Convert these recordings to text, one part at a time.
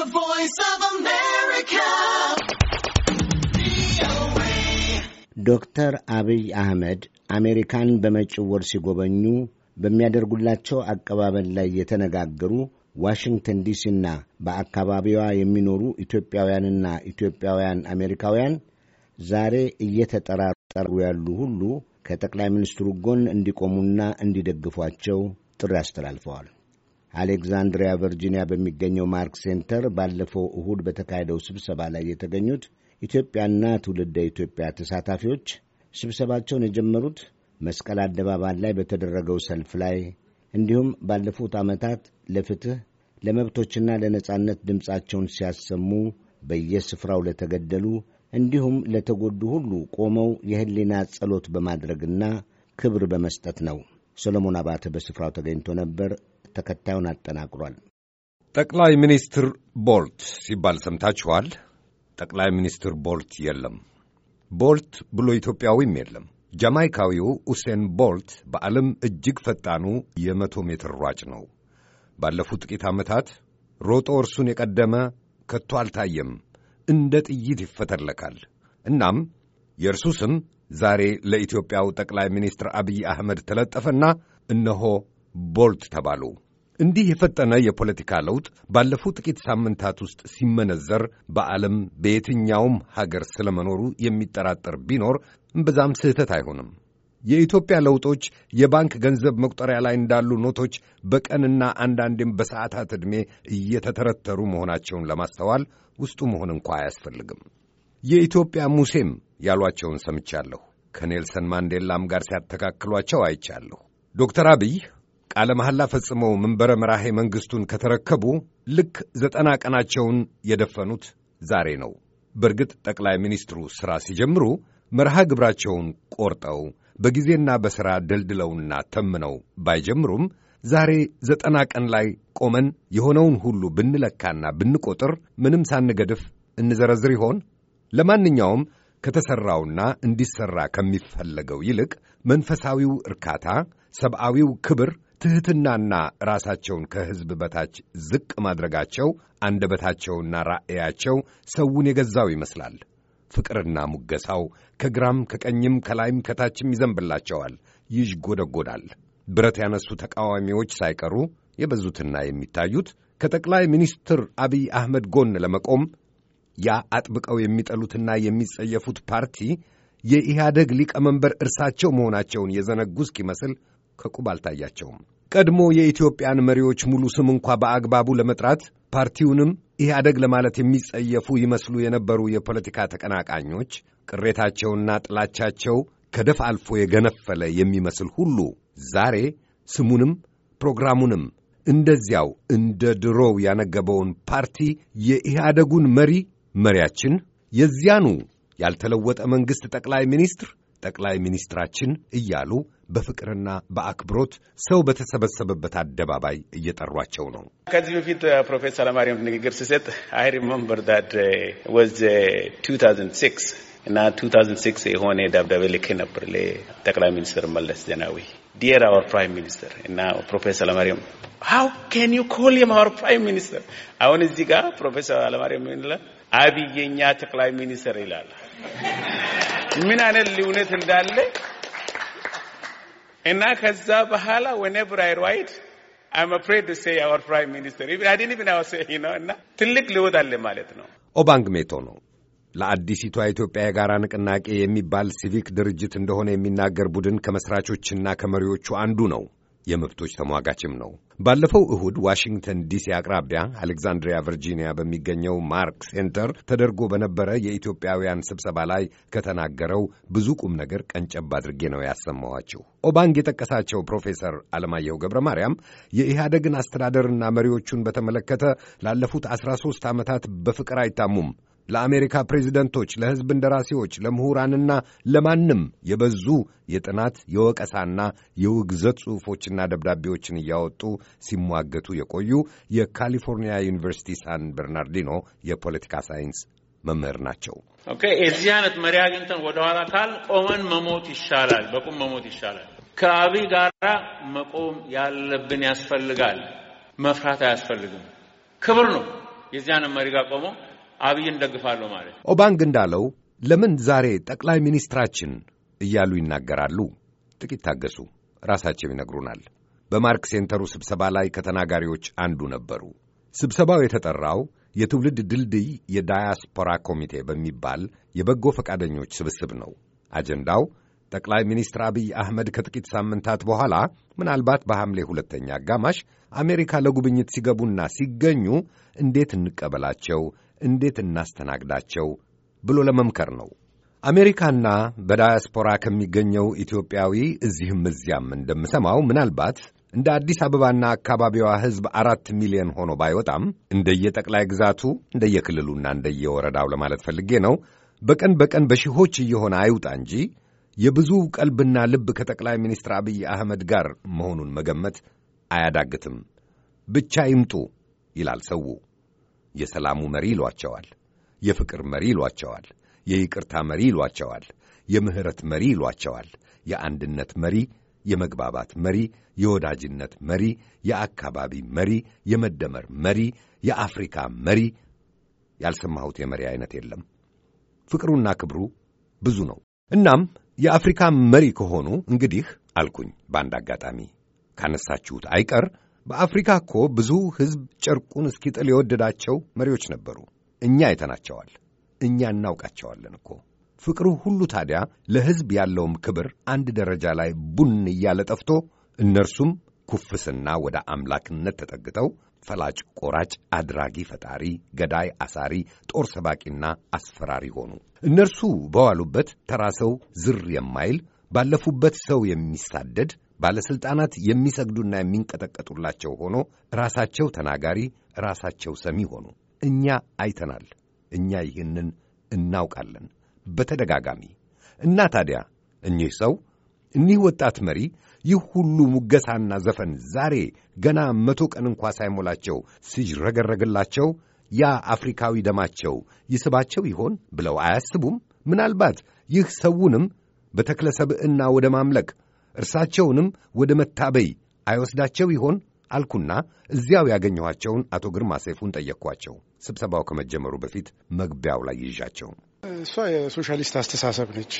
The Voice of America. ዶክተር አብይ አህመድ አሜሪካን በመጪው ወር ሲጎበኙ በሚያደርጉላቸው አቀባበል ላይ የተነጋገሩ ዋሽንግተን ዲሲና በአካባቢዋ የሚኖሩ ኢትዮጵያውያንና ኢትዮጵያውያን አሜሪካውያን ዛሬ እየተጠራጠሩ ያሉ ሁሉ ከጠቅላይ ሚኒስትሩ ጎን እንዲቆሙና እንዲደግፏቸው ጥሪ አስተላልፈዋል። አሌክዛንድሪያ ቨርጂኒያ በሚገኘው ማርክ ሴንተር ባለፈው እሁድ በተካሄደው ስብሰባ ላይ የተገኙት ኢትዮጵያና ትውልደ ኢትዮጵያ ተሳታፊዎች ስብሰባቸውን የጀመሩት መስቀል አደባባይ ላይ በተደረገው ሰልፍ ላይ እንዲሁም ባለፉት ዓመታት ለፍትሕ ለመብቶችና ለነጻነት ድምፃቸውን ሲያሰሙ በየስፍራው ለተገደሉ እንዲሁም ለተጎዱ ሁሉ ቆመው የሕሊና ጸሎት በማድረግና ክብር በመስጠት ነው። ሰሎሞን አባተ በስፍራው ተገኝቶ ነበር። ተከታዩን አጠናቅሯል። ጠቅላይ ሚኒስትር ቦልት ሲባል ሰምታችኋል። ጠቅላይ ሚኒስትር ቦልት የለም፣ ቦልት ብሎ ኢትዮጵያዊም የለም። ጃማይካዊው ኡሴን ቦልት በዓለም እጅግ ፈጣኑ የመቶ ሜትር ሯጭ ነው። ባለፉት ጥቂት ዓመታት ሮጦ እርሱን የቀደመ ከቶ አልታየም። እንደ ጥይት ይፈተለካል። እናም የእርሱ ስም ዛሬ ለኢትዮጵያው ጠቅላይ ሚኒስትር አብይ አህመድ ተለጠፈና እነሆ ቦልት ተባሉ። እንዲህ የፈጠነ የፖለቲካ ለውጥ ባለፉት ጥቂት ሳምንታት ውስጥ ሲመነዘር በዓለም በየትኛውም ሀገር ስለመኖሩ የሚጠራጠር ቢኖር እምብዛም ስህተት አይሆንም። የኢትዮጵያ ለውጦች የባንክ ገንዘብ መቁጠሪያ ላይ እንዳሉ ኖቶች በቀንና አንዳንዴም በሰዓታት ዕድሜ እየተተረተሩ መሆናቸውን ለማስተዋል ውስጡ መሆን እንኳ አያስፈልግም። የኢትዮጵያ ሙሴም ያሏቸውን ሰምቻለሁ። ከኔልሰን ማንዴላም ጋር ሲያተካክሏቸው አይቻለሁ። ዶክተር አብይ ቃለ መሐላ ፈጽመው መንበረ መራሄ መንግሥቱን ከተረከቡ ልክ ዘጠና ቀናቸውን የደፈኑት ዛሬ ነው። በእርግጥ ጠቅላይ ሚኒስትሩ ሥራ ሲጀምሩ መርሃ ግብራቸውን ቆርጠው በጊዜና በሥራ ደልድለውና ተምነው ባይጀምሩም ዛሬ ዘጠና ቀን ላይ ቆመን የሆነውን ሁሉ ብንለካና ብንቆጥር ምንም ሳንገድፍ እንዘረዝር ይሆን? ለማንኛውም ከተሠራውና እንዲሠራ ከሚፈለገው ይልቅ መንፈሳዊው እርካታ፣ ሰብአዊው ክብር ትሕትናና ራሳቸውን ከሕዝብ በታች ዝቅ ማድረጋቸው አንደበታቸውና ራዕያቸው ሰውን የገዛው ይመስላል። ፍቅርና ሙገሳው ከግራም ከቀኝም ከላይም ከታችም ይዘንብላቸዋል፣ ይዥጎደጎዳል። ብረት ያነሱ ተቃዋሚዎች ሳይቀሩ የበዙትና የሚታዩት ከጠቅላይ ሚኒስትር አብይ አህመድ ጎን ለመቆም ያ አጥብቀው የሚጠሉትና የሚጸየፉት ፓርቲ የኢህአደግ ሊቀመንበር እርሳቸው መሆናቸውን የዘነጉ እስኪመስል ከቁብ አልታያቸውም። ቀድሞ የኢትዮጵያን መሪዎች ሙሉ ስም እንኳ በአግባቡ ለመጥራት ፓርቲውንም ኢህአደግ ለማለት የሚጸየፉ ይመስሉ የነበሩ የፖለቲካ ተቀናቃኞች ቅሬታቸውና ጥላቻቸው ከደፍ አልፎ የገነፈለ የሚመስል ሁሉ ዛሬ ስሙንም ፕሮግራሙንም እንደዚያው እንደ ድሮው ያነገበውን ፓርቲ የኢህአደጉን መሪ መሪያችን የዚያኑ ያልተለወጠ መንግሥት ጠቅላይ ሚኒስትር ጠቅላይ ሚኒስትራችን እያሉ በፍቅርና በአክብሮት ሰው በተሰበሰበበት አደባባይ እየጠሯቸው ነው። ከዚህ በፊት uh, ፕሮፌሰር አለማርያም ንግግር ሲሰጥ አይ ሪመምበር ዳት ወዝ 2006 እና 2006 የሆነ ደብዳቤ ልክ ነበር ለጠቅላይ ሚኒስትር መለስ ዜናዊ ዲየር አወር ፕራይም ሚኒስትር እና ፕሮፌሰር አለማርያም ሀው ካን ዩ ኮል ሂም አወር ፕራይም ሚኒስትር። አሁን እዚህ ጋር ፕሮፌሰር አለማርያም ምን አብየኛ ጠቅላይ ሚኒስትር ይላል። ምን አይነት ልዩነት እንዳለ እና ከዛ በኋላ ወኔቨር አይ ራይት አይም አፍሬድ ቱ ሴይ አወር ፕራይም ሚኒስተር ኢቭን አይ ዲድንት ኢቭን አወር ሴይ ነው። እና ትልቅ ልውጥ አለ ማለት ነው። ኦባንግ ሜቶ ነው ለአዲሲቷ ኢትዮጵያ የጋራ ንቅናቄ የሚባል ሲቪክ ድርጅት እንደሆነ የሚናገር ቡድን ከመስራቾችና ከመሪዎቹ አንዱ ነው። የመብቶች ተሟጋችም ነው። ባለፈው እሁድ ዋሽንግተን ዲሲ አቅራቢያ አሌክዛንድሪያ ቨርጂኒያ በሚገኘው ማርክ ሴንተር ተደርጎ በነበረ የኢትዮጵያውያን ስብሰባ ላይ ከተናገረው ብዙ ቁም ነገር ቀንጨብ አድርጌ ነው ያሰማኋችሁ። ኦባንግ የጠቀሳቸው ፕሮፌሰር አለማየሁ ገብረ ማርያም የኢህአደግን አስተዳደርና መሪዎቹን በተመለከተ ላለፉት አስራ ሦስት ዓመታት በፍቅር አይታሙም ለአሜሪካ ፕሬዚደንቶች፣ ለሕዝብ እንደራሴዎች፣ ለምሁራንና ለማንም የበዙ የጥናት የወቀሳና የውግዘት ጽሑፎችና ደብዳቤዎችን እያወጡ ሲሟገቱ የቆዩ የካሊፎርኒያ ዩኒቨርሲቲ ሳን በርናርዲኖ የፖለቲካ ሳይንስ መምህር ናቸው። የዚህ አይነት መሪ አግኝተን ወደኋላ ካል ቆመን መሞት ይሻላል፣ በቁም መሞት ይሻላል። ከአብይ ጋራ መቆም ያለብን ያስፈልጋል። መፍራት አያስፈልግም። ክብር ነው የዚህ አይነት መሪ ጋር ቆመው አብይን ደግፋለሁ ማለት ነው። ኦባንግ እንዳለው ለምን ዛሬ ጠቅላይ ሚኒስትራችን እያሉ ይናገራሉ? ጥቂት ታገሱ፣ ራሳቸው ይነግሩናል። በማርክ ሴንተሩ ስብሰባ ላይ ከተናጋሪዎች አንዱ ነበሩ። ስብሰባው የተጠራው የትውልድ ድልድይ የዳያስፖራ ኮሚቴ በሚባል የበጎ ፈቃደኞች ስብስብ ነው። አጀንዳው ጠቅላይ ሚኒስትር አብይ አህመድ ከጥቂት ሳምንታት በኋላ ምናልባት በሐምሌ ሁለተኛ አጋማሽ አሜሪካ ለጉብኝት ሲገቡና ሲገኙ እንዴት እንቀበላቸው እንዴት እናስተናግዳቸው ብሎ ለመምከር ነው። አሜሪካና በዳያስፖራ ከሚገኘው ኢትዮጵያዊ እዚህም እዚያም እንደምሰማው ምናልባት እንደ አዲስ አበባና አካባቢዋ ሕዝብ አራት ሚሊዮን ሆኖ ባይወጣም እንደየጠቅላይ ግዛቱ እንደየክልሉና እንደየወረዳው ለማለት ፈልጌ ነው በቀን በቀን በሺዎች እየሆነ አይውጣ እንጂ የብዙ ቀልብና ልብ ከጠቅላይ ሚኒስትር አብይ አህመድ ጋር መሆኑን መገመት አያዳግትም። ብቻ ይምጡ ይላል ሰው። የሰላሙ መሪ ይሏቸዋል። የፍቅር መሪ ይሏቸዋል። የይቅርታ መሪ ይሏቸዋል። የምህረት መሪ ይሏቸዋል። የአንድነት መሪ፣ የመግባባት መሪ፣ የወዳጅነት መሪ፣ የአካባቢ መሪ፣ የመደመር መሪ፣ የአፍሪካ መሪ። ያልሰማሁት የመሪ አይነት የለም። ፍቅሩና ክብሩ ብዙ ነው። እናም የአፍሪካ መሪ ከሆኑ እንግዲህ አልኩኝ በአንድ አጋጣሚ ካነሳችሁት አይቀር በአፍሪካ እኮ ብዙ ሕዝብ ጨርቁን እስኪጥል የወደዳቸው መሪዎች ነበሩ። እኛ አይተናቸዋል፣ እኛ እናውቃቸዋለን እኮ። ፍቅሩ ሁሉ ታዲያ ለሕዝብ ያለውም ክብር አንድ ደረጃ ላይ ቡን እያለ ጠፍቶ እነርሱም ኩፍስና ወደ አምላክነት ተጠግተው ፈላጭ ቆራጭ፣ አድራጊ ፈጣሪ፣ ገዳይ አሳሪ፣ ጦር ሰባቂና አስፈራሪ ሆኑ። እነርሱ በዋሉበት ተራ ሰው ዝር የማይል ባለፉበት ሰው የሚሳደድ ባለሥልጣናት የሚሰግዱና የሚንቀጠቀጡላቸው ሆኖ ራሳቸው ተናጋሪ፣ ራሳቸው ሰሚ ሆኑ። እኛ አይተናል። እኛ ይህንን እናውቃለን በተደጋጋሚ እና ታዲያ እኚህ ሰው እኒህ ወጣት መሪ ይህ ሁሉ ሙገሳና ዘፈን ዛሬ ገና መቶ ቀን እንኳ ሳይሞላቸው ሲረገረግላቸው ያ አፍሪካዊ ደማቸው ይስባቸው ይሆን ብለው አያስቡም? ምናልባት ይህ ሰውንም በተክለ ሰብዕና ወደ ማምለክ እርሳቸውንም ወደ መታበይ አይወስዳቸው ይሆን አልኩና እዚያው ያገኘኋቸውን አቶ ግርማ ሰይፉን ጠየቅኳቸው። ስብሰባው ከመጀመሩ በፊት መግቢያው ላይ ይዣቸው እሷ የሶሻሊስት አስተሳሰብ ነች።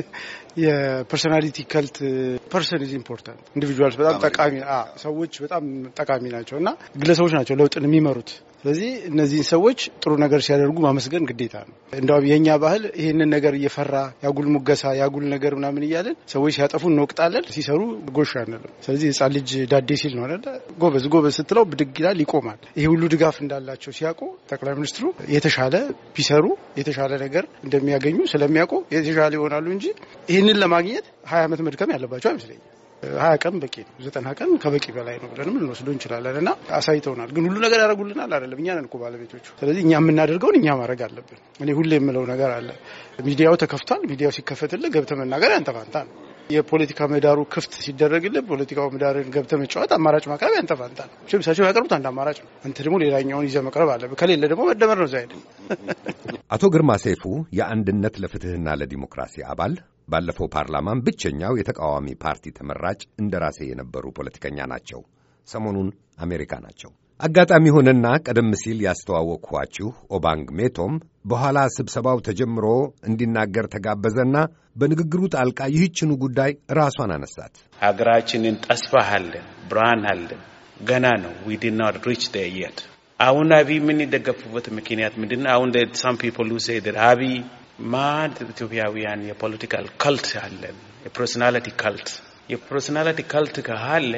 የፐርሶናሊቲ ከልት ፐርሰን ኢዝ ኢምፖርታንት ኢንዲቪጁዋልስ በጣም ጠቃሚ ሰዎች በጣም ጠቃሚ ናቸው እና ግለሰቦች ናቸው ለውጥን የሚመሩት ስለዚህ እነዚህን ሰዎች ጥሩ ነገር ሲያደርጉ ማመስገን ግዴታ ነው። እንዲያውም የእኛ ባህል ይህንን ነገር እየፈራ ያጉል ሙገሳ ያጉል ነገር ምናምን እያለን ሰዎች ሲያጠፉ እንወቅጣለን፣ ሲሰሩ ጎሽ አንልም። ስለዚህ ህፃን ልጅ ዳዴ ሲል ነው አይደለ? ጎበዝ ጎበዝ ስትለው ብድግ ይላል፣ ይቆማል። ይህ ሁሉ ድጋፍ እንዳላቸው ሲያውቁ ጠቅላይ ሚኒስትሩ የተሻለ ቢሰሩ የተሻለ ነገር እንደሚያገኙ ስለሚያውቁ የተሻለ ይሆናሉ እንጂ ይህንን ለማግኘት ሀያ ዓመት መድከም ያለባቸው አይመስለኝም። ሀያ ቀን በቂ ነው፣ ዘጠና ቀን ከበቂ በላይ ነው ብለንም ልንወስደው እንችላለን። እና አሳይተውናል። ግን ሁሉ ነገር ያደረጉልናል አይደለም፣ እኛ ነን እኮ ባለቤቶቹ። ስለዚህ እኛ የምናደርገውን እኛ ማድረግ አለብን። እኔ ሁሌ የምለው ነገር አለ። ሚዲያው ተከፍቷል። ሚዲያው ሲከፈትልህ ገብተህ መናገር ያንተ ፋንታ ነው። የፖለቲካ ምህዳሩ ክፍት ሲደረግልህ ፖለቲካው ምህዳርን ገብተህ መጫወት አማራጭ ማቅረብ ያንተ ፋንታ ነው። እሳቸው ያቀርቡት አንድ አማራጭ ነው። አንተ ደግሞ ሌላኛውን ይዘህ መቅረብ አለብህ። ከሌለ ደግሞ መደመር ነው። ዛይደ አቶ ግርማ ሰይፉ የአንድነት ለፍትህና ለዲሞክራሲ አባል ባለፈው ፓርላማም ብቸኛው የተቃዋሚ ፓርቲ ተመራጭ እንደራሴ የነበሩ ፖለቲከኛ ናቸው። ሰሞኑን አሜሪካ ናቸው። አጋጣሚ ሆነና ቀደም ሲል ያስተዋወቅኋችሁ ኦባንግ ሜቶም በኋላ ስብሰባው ተጀምሮ እንዲናገር ተጋበዘና በንግግሩ ጣልቃ ይህችኑ ጉዳይ ራሷን አነሳት። ሀገራችንን ተስፋ አለን፣ ብርሃን አለን፣ ገና ነው። ዊ ዲድ ናት ሪች ዜር የት። አሁን አብይ የምንደገፉበት ምክንያት ምንድን ነው? አሁን ሳም ፒፕል ሴ ሴይ አብይ ማን ኢትዮጵያውያን የፖለቲካል ካልት አለን፣ የፐርሶናሊቲ ካልት የፐርሶናሊቲ ካልት ካለ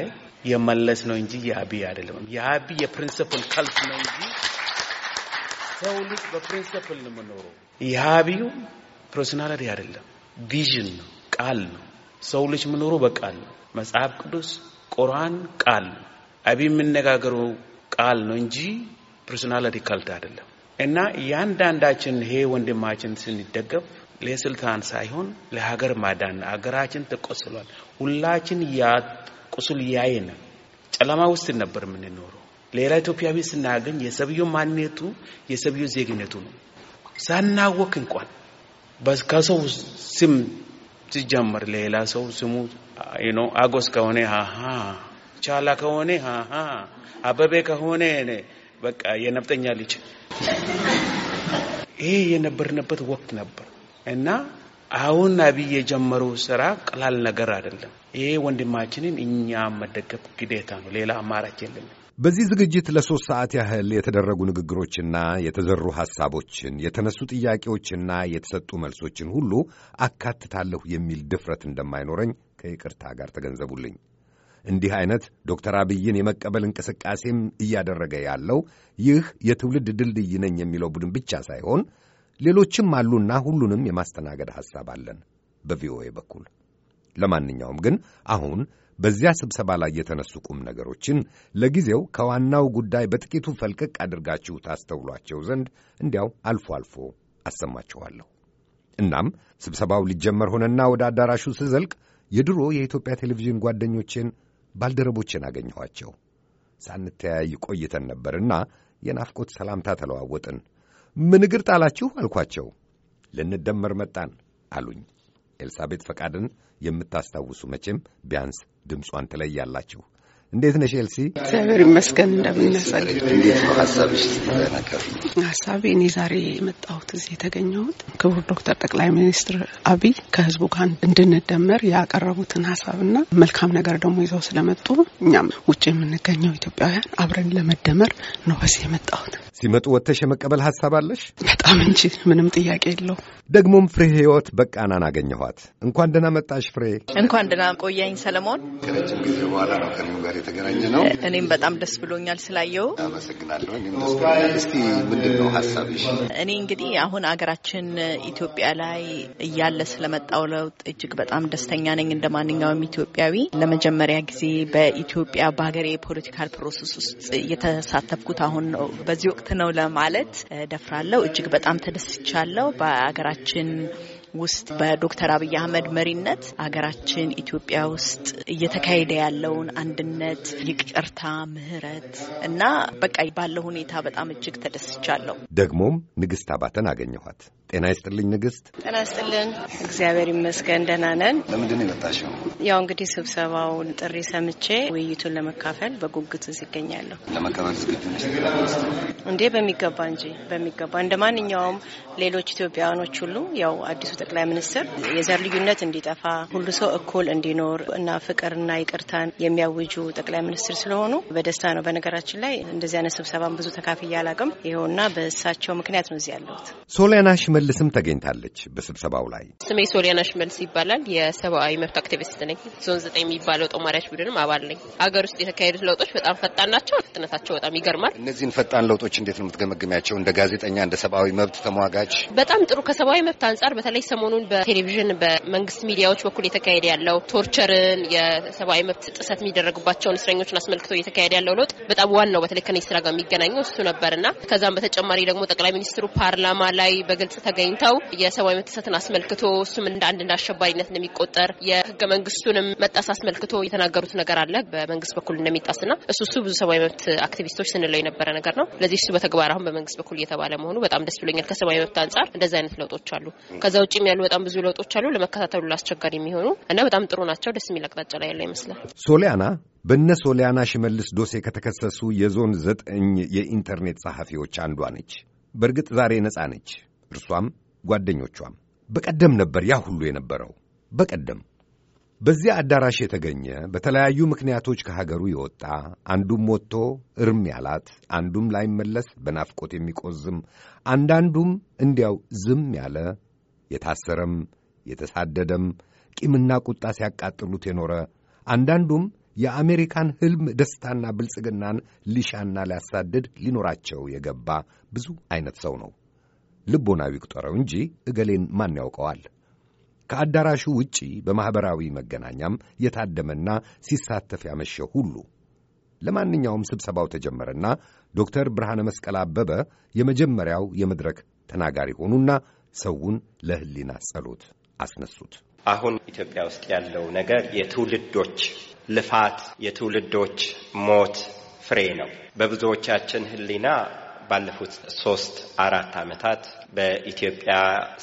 የመለስ ነው እንጂ የአብይ አይደለም። የአብይ የፕሪንስፕል ካልት ነው እንጂ ሰው ልጅ በፕሪንስፕል ነው የምኖረው። የአብዩ ፐርሶናሊቲ አይደለም፣ ቪዥን ነው፣ ቃል ነው። ሰው ልጅ የምኖረው በቃል ነው። መጽሐፍ ቅዱስ ቁርአን ቃል ነው። አብይ የምነጋገረው ቃል ነው እንጂ ፐርሶናሊቲ ካልት አይደለም። እና እያንዳንዳችን ይሄ ወንድማችን ስንደገፍ ለስልጣን ሳይሆን ለሀገር ማዳን፣ ሀገራችን ተቆስሏል። ሁላችን ያጡ ቁስል ያየናል። ጨለማ ውስጥ ነበር የምንኖረው። ሌላ ኢትዮጵያዊ ስናገኝ የሰብዩ ማንነቱ የሰብዩ ዜግነቱ ነው። ሳናወቅ እንኳን ከሰው ስም ሲጀመር ሌላ ሰው ስሙ አጎስ ከሆነ ሃሃ፣ ቻላ ከሆነ ሃሃ፣ አበቤ ከሆነ በቃ የነብጠኛ ልጅ ይሄ የነበርንበት ወቅት ነበር እና አሁን አብይ የጀመረው ስራ ቀላል ነገር አይደለም። ይሄ ወንድማችንን እኛ መደገፍ ግዴታ ነው። ሌላ አማራጭ የለም። በዚህ ዝግጅት ለሶስት ሰዓት ያህል የተደረጉ ንግግሮችና የተዘሩ ሐሳቦችን የተነሱ ጥያቄዎችና የተሰጡ መልሶችን ሁሉ አካትታለሁ የሚል ድፍረት እንደማይኖረኝ ከይቅርታ ጋር ተገንዘቡልኝ። እንዲህ አይነት ዶክተር አብይን የመቀበል እንቅስቃሴም እያደረገ ያለው ይህ የትውልድ ድልድይ ነኝ የሚለው ቡድን ብቻ ሳይሆን ሌሎችም አሉና ሁሉንም የማስተናገድ ሐሳብ አለን በቪኦኤ በኩል። ለማንኛውም ግን አሁን በዚያ ስብሰባ ላይ የተነሱ ቁም ነገሮችን ለጊዜው ከዋናው ጉዳይ በጥቂቱ ፈልቀቅ አድርጋችሁ ታስተውሏቸው ዘንድ እንዲያው አልፎ አልፎ አሰማችኋለሁ። እናም ስብሰባው ሊጀመር ሆነና ወደ አዳራሹ ስዘልቅ የድሮ የኢትዮጵያ ቴሌቪዥን ጓደኞቼን ባልደረቦቼን አገኘኋቸው። ሳንተያይ ቆይተን ነበርና የናፍቆት ሰላምታ ተለዋወጥን። ምን እግር ጣላችሁ አልኳቸው። ልንደመር መጣን አሉኝ። ኤልሳቤጥ ፈቃድን የምታስታውሱ መቼም ቢያንስ ድምጿን ትለያላችሁ። እንዴት ነሽ ኤልሲ? እግዚአብሔር ይመስገን። እንደምናሳል ሀሳቤ እኔ ዛሬ የመጣሁት እዚህ የተገኘሁት ክቡር ዶክተር ጠቅላይ ሚኒስትር አብይ ከህዝቡ ጋር እንድንደመር ያቀረቡትን ሀሳብና መልካም ነገር ደግሞ ይዘው ስለመጡ እኛም ውጭ የምንገኘው ኢትዮጵያውያን አብረን ለመደመር ነው በዚህ የመጣሁት። ሲመጡ ወጥተሽ የመቀበል ሀሳብ አለሽ? በጣም እንጂ ምንም ጥያቄ የለው። ደግሞም ፍሬ ህይወት በቃናን አገኘኋት። እንኳን ደህና መጣሽ ፍሬ። እንኳን ደህና ቆያኝ ሰለሞን። ከረጅም ጊዜ በኋላ ነው ከእኔም ጋር የተገናኘ ነው። እኔም በጣም ደስ ብሎኛል ስላየው አመሰግናለሁ። እኔም ደስ እስቲ ምንድን ነው ሀሳብሽ? እኔ እንግዲህ አሁን አገራችን ኢትዮጵያ ላይ እያለ ስለመጣው ለውጥ እጅግ በጣም ደስተኛ ነኝ። እንደ ማንኛውም ኢትዮጵያዊ ለመጀመሪያ ጊዜ በኢትዮጵያ በሀገር የፖለቲካል ፕሮሰስ ውስጥ የተሳተፍኩት አሁን ነው በዚህ ወቅት ነው ለማለት ደፍራለሁ። እጅግ በጣም ተደስቻለሁ በሀገራችን ውስጥ በዶክተር አብይ አህመድ መሪነት አገራችን ኢትዮጵያ ውስጥ እየተካሄደ ያለውን አንድነት፣ ይቅርታ፣ ምህረት እና በቃ ባለው ሁኔታ በጣም እጅግ ተደስቻለሁ። ደግሞም ንግስት አባተን አገኘኋት። ጤና ይስጥልኝ ንግስት። ጤና ይስጥልን። እግዚአብሔር ይመስገን ደህና ነን። ለምንድን ነው የመጣሽው? ያው እንግዲህ ስብሰባውን ጥሪ ሰምቼ ውይይቱን ለመካፈል በጉጉት እዚህ ይገኛለሁ። ለመቀበል ዝግጁ ነሽ? እንዴ በሚገባ እንጂ በሚገባ እንደ ማንኛውም ሌሎች ኢትዮጵያውያኖች ሁሉ ያው አዲሱ ጠቅላይ ሚኒስትር የዘር ልዩነት እንዲጠፋ ሁሉ ሰው እኩል እንዲኖር እና ፍቅርና ይቅርታን የሚያውጁ ጠቅላይ ሚኒስትር ስለሆኑ በደስታ ነው። በነገራችን ላይ እንደዚህ አይነት ስብሰባን ብዙ ተካፍያ አላቅም። ይኸውና በእሳቸው ምክንያት ነው እዚህ ያለሁት። ሶሊያና ሽመልስም ተገኝታለች በስብሰባው ላይ። ስሜ ሶሊያና ሽመልስ ይባላል። የሰብአዊ መብት አክቲቪስት ነኝ። ዞን ዘጠኝ የሚባለው ጦማሪያች ቡድንም አባል ነኝ። አገር ውስጥ የተካሄዱት ለውጦች በጣም ፈጣን ናቸው። ፍጥነታቸው በጣም ይገርማል። እነዚህን ፈጣን ለውጦች እንዴት ነው የምትገመግሚያቸው? እንደ ጋዜጠኛ እንደ ሰብአዊ መብት ተሟጋች በጣም ጥሩ ከሰብአዊ መብት አንጻር በተለይ ሰሞኑን በቴሌቪዥን በመንግስት ሚዲያዎች በኩል የተካሄደ ያለው ቶርቸርን፣ የሰብአዊ መብት ጥሰት የሚደረግባቸውን እስረኞችን አስመልክቶ እየተካሄደ ያለው ለውጥ በጣም ዋናው በተለይ ከኔ ስራ ጋር የሚገናኘው እሱ ነበርና ከዛም በተጨማሪ ደግሞ ጠቅላይ ሚኒስትሩ ፓርላማ ላይ በግልጽ ተገኝተው የሰብአዊ መብት ጥሰትን አስመልክቶ እሱም እንደ አንድ እንደ አሸባሪነት እንደሚቆጠር የህገ መንግስቱንም መጣስ አስመልክቶ የተናገሩት ነገር አለ በመንግስት በኩል እንደሚጣስና እሱ እሱ ብዙ ሰብአዊ መብት አክቲቪስቶች ስንለው የነበረ ነገር ነው። ለዚህ እሱ በተግባር አሁን በመንግስት በኩል እየተባለ መሆኑ በጣም ደስ ብሎኛል። ከሰብአዊ መብት አንጻር እንደዚህ አይነት ለውጦች አሉ። ከዛ ውጭ ውስጥም ያሉ በጣም ብዙ ለውጦች አሉ። ለመከታተሉ አስቸጋሪ የሚሆኑ እና በጣም ጥሩ ናቸው። ደስ የሚል አቅጣጫ ላይ ያለው ይመስላል። ሶሊያና በነ ሶሊያና ሽመልስ ዶሴ ከተከሰሱ የዞን ዘጠኝ የኢንተርኔት ጸሐፊዎች አንዷ ነች። በእርግጥ ዛሬ ነፃ ነች። እርሷም ጓደኞቿም በቀደም ነበር ያ ሁሉ የነበረው በቀደም በዚያ አዳራሽ የተገኘ በተለያዩ ምክንያቶች ከሀገሩ የወጣ አንዱም ወጥቶ እርም ያላት አንዱም ላይመለስ በናፍቆት የሚቆዝም አንዳንዱም እንዲያው ዝም ያለ የታሰረም የተሳደደም ቂምና ቁጣ ሲያቃጥሉት የኖረ አንዳንዱም የአሜሪካን ሕልም ደስታና ብልጽግናን ሊሻና ሊያሳድድ ሊኖራቸው የገባ ብዙ ዐይነት ሰው ነው። ልቦናዊ ቁጠረው እንጂ እገሌን ማን ያውቀዋል? ከአዳራሹ ውጪ በማኅበራዊ መገናኛም የታደመና ሲሳተፍ ያመሸ ሁሉ። ለማንኛውም ስብሰባው ተጀመረና ዶክተር ብርሃነ መስቀል አበበ የመጀመሪያው የመድረክ ተናጋሪ ሆኑና ሰውን ለህሊና ጸሎት አስነሱት። አሁን ኢትዮጵያ ውስጥ ያለው ነገር የትውልዶች ልፋት፣ የትውልዶች ሞት ፍሬ ነው። በብዙዎቻችን ህሊና ባለፉት ሶስት አራት ዓመታት በኢትዮጵያ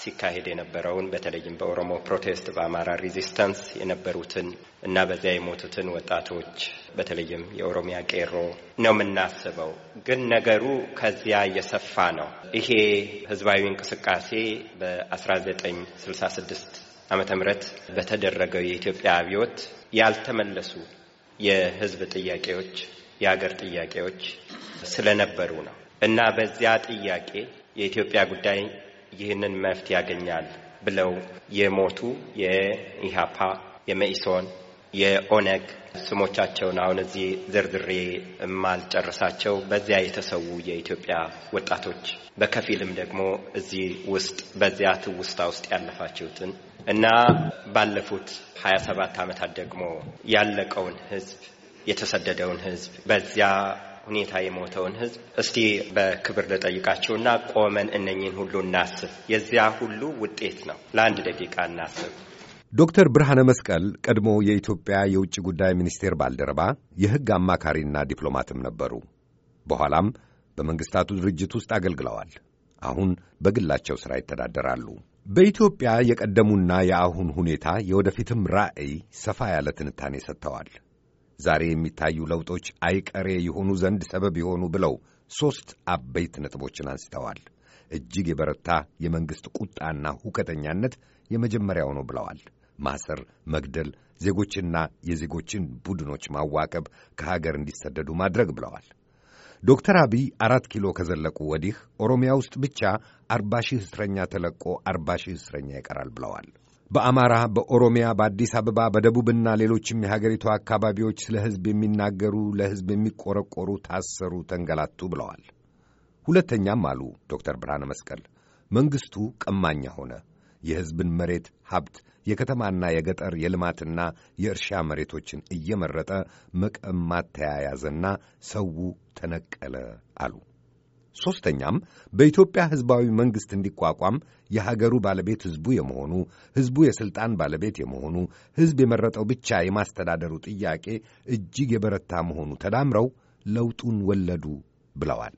ሲካሄድ የነበረውን በተለይም በኦሮሞ ፕሮቴስት በአማራ ሬዚስተንስ የነበሩትን እና በዚያ የሞቱትን ወጣቶች በተለይም የኦሮሚያ ቄሮ ነው የምናስበው። ግን ነገሩ ከዚያ እየሰፋ ነው። ይሄ ህዝባዊ እንቅስቃሴ በ1966 ዓመተ ምህረት በተደረገው የኢትዮጵያ አብዮት ያልተመለሱ የህዝብ ጥያቄዎች የአገር ጥያቄዎች ስለነበሩ ነው። እና በዚያ ጥያቄ የኢትዮጵያ ጉዳይ ይህንን መፍት ያገኛል ብለው የሞቱ የኢሃፓ የመኢሶን የኦነግ ስሞቻቸውን አሁን እዚህ ዝርዝሬ የማልጨርሳቸው በዚያ የተሰዉ የኢትዮጵያ ወጣቶች በከፊልም ደግሞ እዚህ ውስጥ በዚያ ትውስታ ውስጥ ያለፋችሁትን እና ባለፉት ሀያ ሰባት ዓመታት ደግሞ ያለቀውን ህዝብ የተሰደደውን ህዝብ በዚያ ሁኔታ የሞተውን ህዝብ እስቲ በክብር ልጠይቃቸውና ቆመን እነኝን ሁሉ እናስብ። የዚያ ሁሉ ውጤት ነው። ለአንድ ደቂቃ እናስብ። ዶክተር ብርሃነ መስቀል ቀድሞ የኢትዮጵያ የውጭ ጉዳይ ሚኒስቴር ባልደረባ የሕግ አማካሪና ዲፕሎማትም ነበሩ። በኋላም በመንግሥታቱ ድርጅት ውስጥ አገልግለዋል። አሁን በግላቸው ሥራ ይተዳደራሉ። በኢትዮጵያ የቀደሙና የአሁን ሁኔታ የወደፊትም ራዕይ ሰፋ ያለ ትንታኔ ሰጥተዋል። ዛሬ የሚታዩ ለውጦች አይቀሬ የሆኑ ዘንድ ሰበብ የሆኑ ብለው ሦስት አበይት ነጥቦችን አንስተዋል። እጅግ የበረታ የመንግሥት ቁጣና ሁከተኛነት የመጀመሪያው ነው ብለዋል። ማሰር፣ መግደል፣ ዜጎችና የዜጎችን ቡድኖች ማዋከብ፣ ከሀገር እንዲሰደዱ ማድረግ ብለዋል። ዶክተር አብይ አራት ኪሎ ከዘለቁ ወዲህ ኦሮሚያ ውስጥ ብቻ አርባ ሺህ እስረኛ ተለቆ አርባ ሺህ እስረኛ ይቀራል ብለዋል። በአማራ፣ በኦሮሚያ፣ በአዲስ አበባ፣ በደቡብና ሌሎችም የሀገሪቱ አካባቢዎች ስለ ሕዝብ የሚናገሩ ለሕዝብ የሚቆረቆሩ ታሰሩ፣ ተንገላቱ ብለዋል። ሁለተኛም አሉ ዶክተር ብርሃነ መስቀል መንግሥቱ ቀማኛ ሆነ። የሕዝብን መሬት ሀብት፣ የከተማና የገጠር የልማትና የእርሻ መሬቶችን እየመረጠ መቀማት ተያያዘና ሰው ተነቀለ አሉ። ሦስተኛም በኢትዮጵያ ሕዝባዊ መንግሥት እንዲቋቋም የሀገሩ ባለቤት ሕዝቡ የመሆኑ ሕዝቡ የሥልጣን ባለቤት የመሆኑ ሕዝብ የመረጠው ብቻ የማስተዳደሩ ጥያቄ እጅግ የበረታ መሆኑ ተዳምረው ለውጡን ወለዱ ብለዋል።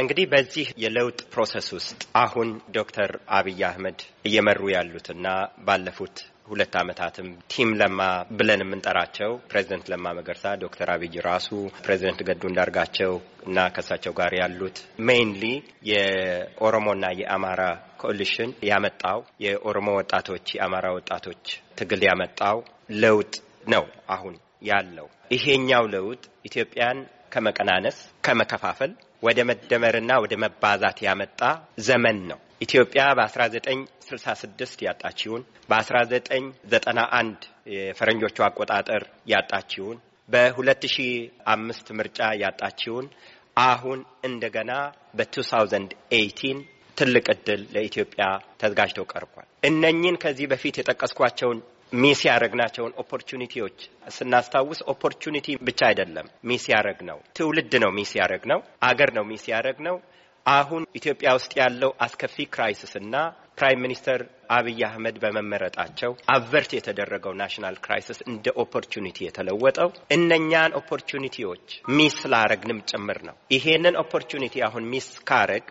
እንግዲህ በዚህ የለውጥ ፕሮሰስ ውስጥ አሁን ዶክተር አብይ አህመድ እየመሩ ያሉትና ባለፉት ሁለት ዓመታትም ቲም ለማ ብለን የምንጠራቸው ፕሬዚደንት ለማ መገርሳ፣ ዶክተር አብይ ራሱ፣ ፕሬዚደንት ገዱ እንዳርጋቸው እና ከሳቸው ጋር ያሉት ሜይንሊ የኦሮሞና የአማራ ኮሊሽን ያመጣው የኦሮሞ ወጣቶች የአማራ ወጣቶች ትግል ያመጣው ለውጥ ነው። አሁን ያለው ይሄኛው ለውጥ ኢትዮጵያን ከመቀናነስ ከመከፋፈል ወደ መደመርና ወደ መባዛት ያመጣ ዘመን ነው። ኢትዮጵያ በ1966 ያጣችውን በ1991 የፈረንጆቹ አቆጣጠር ያጣችውን በ2005 ምርጫ ያጣችውን አሁን እንደገና በ2018 ትልቅ እድል ለኢትዮጵያ ተዘጋጅቶ ቀርቧል። እነኚህን ከዚህ በፊት የጠቀስኳቸውን ሚስ ያደረግናቸውን ኦፖርቹኒቲዎች ስናስታውስ ኦፖርቹኒቲ ብቻ አይደለም ሚስ ያደረግ ነው፣ ትውልድ ነው ሚስ ያደረግ ነው፣ አገር ነው ሚስ ያደረግ ነው፣ አሁን ኢትዮጵያ ውስጥ ያለው አስከፊ ክራይሲስ እና ፕራይም ሚኒስተር አብይ አህመድ በመመረጣቸው አቨርት የተደረገው ናሽናል ክራይሲስ እንደ ኦፖርቹኒቲ የተለወጠው እነኛን ኦፖርቹኒቲዎች ሚስ ላረግንም ጭምር ነው። ይሄንን ኦፖርቹኒቲ አሁን ሚስ ካረግ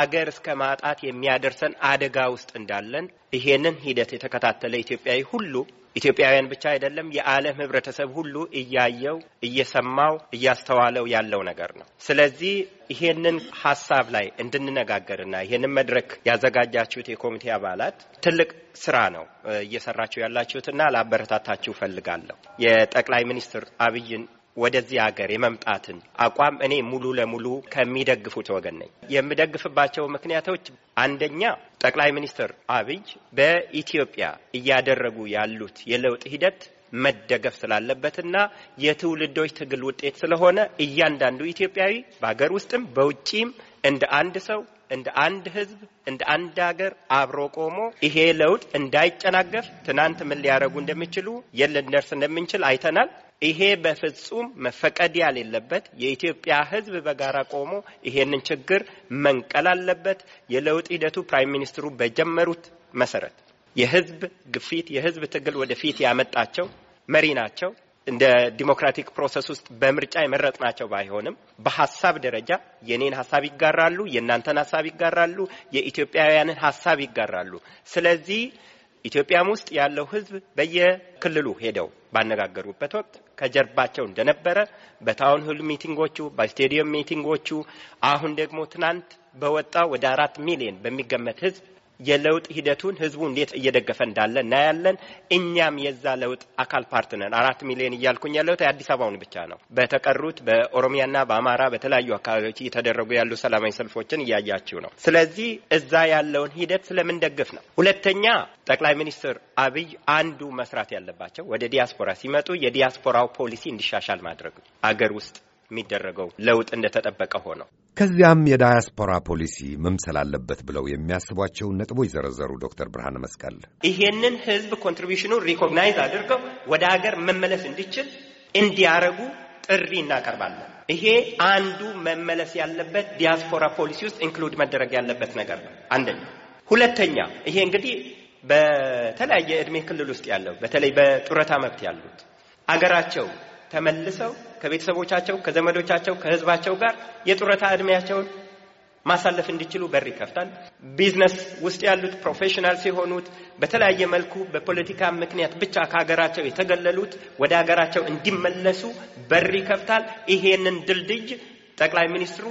አገር እስከ ማጣት የሚያደርሰን አደጋ ውስጥ እንዳለን ይሄንን ሂደት የተከታተለ ኢትዮጵያዊ ሁሉ ኢትዮጵያውያን ብቻ አይደለም፣ የዓለም ህብረተሰብ ሁሉ እያየው እየሰማው እያስተዋለው ያለው ነገር ነው። ስለዚህ ይሄንን ሀሳብ ላይ እንድንነጋገርና ይሄንን መድረክ ያዘጋጃችሁት የኮሚቴ አባላት ትልቅ ስራ ነው እየሰራችሁ ያላችሁትና ላበረታታችሁ ፈልጋለሁ። የጠቅላይ ሚኒስትር አብይን ወደዚህ ሀገር የመምጣትን አቋም እኔ ሙሉ ለሙሉ ከሚደግፉት ወገን ነኝ። የምደግፍባቸው ምክንያቶች አንደኛ ጠቅላይ ሚኒስትር አብይ በኢትዮጵያ እያደረጉ ያሉት የለውጥ ሂደት መደገፍ ስላለበትና የትውልዶች ትግል ውጤት ስለሆነ እያንዳንዱ ኢትዮጵያዊ በሀገር ውስጥም በውጪም እንደ አንድ ሰው እንደ አንድ ህዝብ እንደ አንድ ሀገር አብሮ ቆሞ ይሄ ለውጥ እንዳይጨናገፍ ትናንት ምን ሊያደርጉ እንደሚችሉ የት ልንደርስ እንደምንችል አይተናል። ይሄ በፍጹም መፈቀድ ያሌለበት የኢትዮጵያ ህዝብ በጋራ ቆሞ ይሄንን ችግር መንቀል አለበት። የለውጥ ሂደቱ ፕራይም ሚኒስትሩ በጀመሩት መሰረት የህዝብ ግፊት፣ የህዝብ ትግል ወደፊት ያመጣቸው መሪ ናቸው። እንደ ዲሞክራቲክ ፕሮሰስ ውስጥ በምርጫ የመረጥናቸው ባይሆንም በሀሳብ ደረጃ የኔን ሀሳብ ይጋራሉ፣ የእናንተን ሀሳብ ይጋራሉ፣ የኢትዮጵያውያንን ሀሳብ ይጋራሉ። ስለዚህ ኢትዮጵያም ውስጥ ያለው ሕዝብ በየክልሉ ሄደው ባነጋገሩበት ወቅት ከጀርባቸው እንደነበረ በታውን ሆል ሚቲንጎቹ፣ በስቴዲየም ሚቲንጎቹ አሁን ደግሞ ትናንት በወጣው ወደ አራት ሚሊዮን በሚገመት ሕዝብ የለውጥ ሂደቱን ህዝቡ እንዴት እየደገፈ እንዳለ እናያለን። እኛም የዛ ለውጥ አካል ፓርት ነን። አራት ሚሊዮን እያልኩኝ ያለሁት የአዲስ አበባውን ብቻ ነው። በተቀሩት በኦሮሚያና በአማራ በተለያዩ አካባቢዎች እየተደረጉ ያሉ ሰላማዊ ሰልፎችን እያያችሁ ነው። ስለዚህ እዛ ያለውን ሂደት ስለምንደግፍ ነው። ሁለተኛ ጠቅላይ ሚኒስትር አብይ አንዱ መስራት ያለባቸው ወደ ዲያስፖራ ሲመጡ የዲያስፖራው ፖሊሲ እንዲሻሻል ማድረግ አገር ውስጥ የሚደረገው ለውጥ እንደተጠበቀ ሆነው ከዚያም የዳያስፖራ ፖሊሲ መምሰል አለበት ብለው የሚያስቧቸውን ነጥቦች ዘረዘሩ። ዶክተር ብርሃነ መስቀል ይሄንን ህዝብ ኮንትሪቢሽኑ ሪኮግናይዝ አድርገው ወደ ሀገር መመለስ እንዲችል እንዲያረጉ ጥሪ እናቀርባለን። ይሄ አንዱ መመለስ ያለበት ዲያስፖራ ፖሊሲ ውስጥ ኢንክሉድ መደረግ ያለበት ነገር ነው። አንደኛ። ሁለተኛ ይሄ እንግዲህ በተለያየ እድሜ ክልል ውስጥ ያለው በተለይ በጡረታ መብት ያሉት አገራቸው ተመልሰው ከቤተሰቦቻቸው፣ ከዘመዶቻቸው፣ ከህዝባቸው ጋር የጡረታ እድሜያቸውን ማሳለፍ እንዲችሉ በር ይከፍታል። ቢዝነስ ውስጥ ያሉት ፕሮፌሽናል ሲሆኑት በተለያየ መልኩ በፖለቲካ ምክንያት ብቻ ከሀገራቸው የተገለሉት ወደ ሀገራቸው እንዲመለሱ በር ይከፍታል። ይሄንን ድልድይ ጠቅላይ ሚኒስትሩ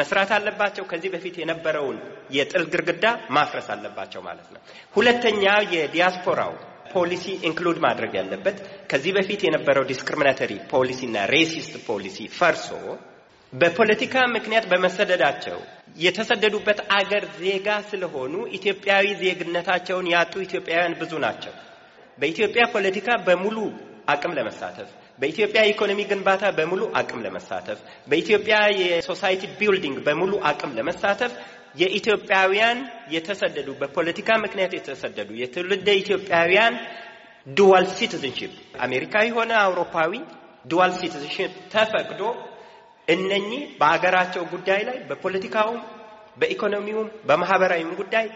መስራት አለባቸው። ከዚህ በፊት የነበረውን የጥል ግርግዳ ማፍረስ አለባቸው ማለት ነው። ሁለተኛ የዲያስፖራው ፖሊሲ ኢንክሉድ ማድረግ ያለበት ከዚህ በፊት የነበረው ዲስክሪሚናተሪ ፖሊሲ እና ሬሲስት ፖሊሲ ፈርሶ በፖለቲካ ምክንያት በመሰደዳቸው የተሰደዱበት አገር ዜጋ ስለሆኑ ኢትዮጵያዊ ዜግነታቸውን ያጡ ኢትዮጵያውያን ብዙ ናቸው። በኢትዮጵያ ፖለቲካ በሙሉ አቅም ለመሳተፍ በኢትዮጵያ የኢኮኖሚ ግንባታ በሙሉ አቅም ለመሳተፍ በኢትዮጵያ የሶሳይቲ ቢልዲንግ በሙሉ አቅም ለመሳተፍ የኢትዮጵያውያን የተሰደዱ በፖለቲካ ምክንያት የተሰደዱ የትውልደ ኢትዮጵያውያን ዱዋል ሲቲዝንሽፕ አሜሪካዊ ሆነ አውሮፓዊ ዱዋል ሲቲዝንሽፕ ተፈቅዶ እነኚህ በሀገራቸው ጉዳይ ላይ በፖለቲካውም በኢኮኖሚውም በማህበራዊም ጉዳይ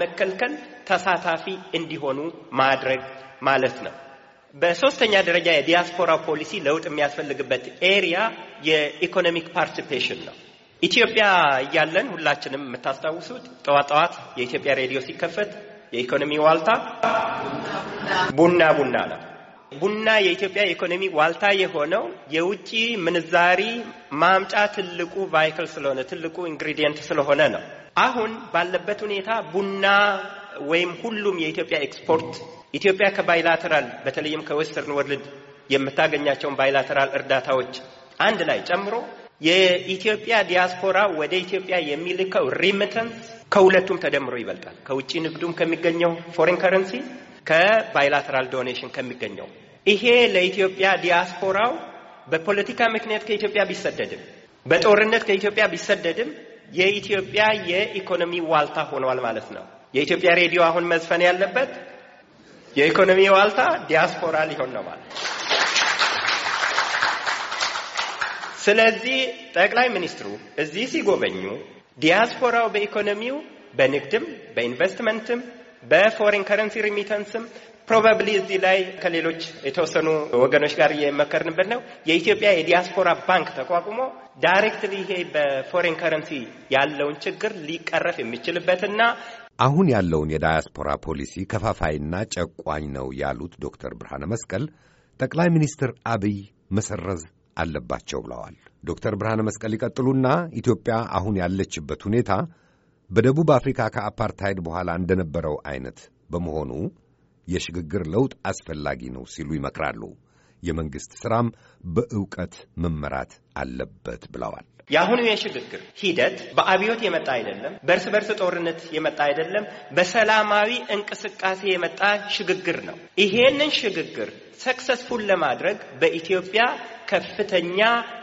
መከልከል ተሳታፊ እንዲሆኑ ማድረግ ማለት ነው። በሶስተኛ ደረጃ የዲያስፖራ ፖሊሲ ለውጥ የሚያስፈልግበት ኤሪያ የኢኮኖሚክ ፓርቲሲፔሽን ነው። ኢትዮጵያ እያለን ሁላችንም የምታስታውሱት ጠዋት ጠዋት የኢትዮጵያ ሬዲዮ ሲከፈት የኢኮኖሚ ዋልታ ቡና ቡና ነው። ቡና የኢትዮጵያ የኢኮኖሚ ዋልታ የሆነው የውጭ ምንዛሪ ማምጫ ትልቁ ቫይክል ስለሆነ ትልቁ ኢንግሪዲየንት ስለሆነ ነው። አሁን ባለበት ሁኔታ ቡና ወይም ሁሉም የኢትዮጵያ ኤክስፖርት ኢትዮጵያ ከባይላተራል በተለይም ከዌስተርን ወርልድ የምታገኛቸውን ባይላተራል እርዳታዎች አንድ ላይ ጨምሮ የኢትዮጵያ ዲያስፖራ ወደ ኢትዮጵያ የሚልከው ሪሚተንስ ከሁለቱም ተደምሮ ይበልጣል። ከውጭ ንግዱም ከሚገኘው ፎሬን ከረንሲ ከባይላተራል ዶኔሽን ከሚገኘው ይሄ ለኢትዮጵያ ዲያስፖራው በፖለቲካ ምክንያት ከኢትዮጵያ ቢሰደድም በጦርነት ከኢትዮጵያ ቢሰደድም የኢትዮጵያ የኢኮኖሚ ዋልታ ሆኗል ማለት ነው። የኢትዮጵያ ሬዲዮ አሁን መዝፈን ያለበት የኢኮኖሚ ዋልታ ዲያስፖራ ሊሆን ነው ማለት ስለዚህ ጠቅላይ ሚኒስትሩ እዚህ ሲጎበኙ ዲያስፖራው በኢኮኖሚው በንግድም በኢንቨስትመንትም በፎሬን ከረንሲ ሪሚተንስም ፕሮባብሊ እዚህ ላይ ከሌሎች የተወሰኑ ወገኖች ጋር እየመከርንበት ነው። የኢትዮጵያ የዲያስፖራ ባንክ ተቋቁሞ ዳይሬክትሊ ይሄ በፎሬን ከረንሲ ያለውን ችግር ሊቀረፍ የሚችልበትና አሁን ያለውን የዳያስፖራ ፖሊሲ ከፋፋይና ጨቋኝ ነው ያሉት ዶክተር ብርሃነ መስቀል ጠቅላይ ሚኒስትር አብይ መሰረዝ አለባቸው ብለዋል። ዶክተር ብርሃነ መስቀል ይቀጥሉና ኢትዮጵያ አሁን ያለችበት ሁኔታ በደቡብ አፍሪካ ከአፓርታይድ በኋላ እንደነበረው አይነት በመሆኑ የሽግግር ለውጥ አስፈላጊ ነው ሲሉ ይመክራሉ። የመንግሥት ሥራም በእውቀት መመራት አለበት ብለዋል። የአሁኑ የሽግግር ሂደት በአብዮት የመጣ አይደለም። በእርስ በርስ ጦርነት የመጣ አይደለም። በሰላማዊ እንቅስቃሴ የመጣ ሽግግር ነው። ይሄንን ሽግግር ሰክሰስፉል ለማድረግ በኢትዮጵያ ከፍተኛ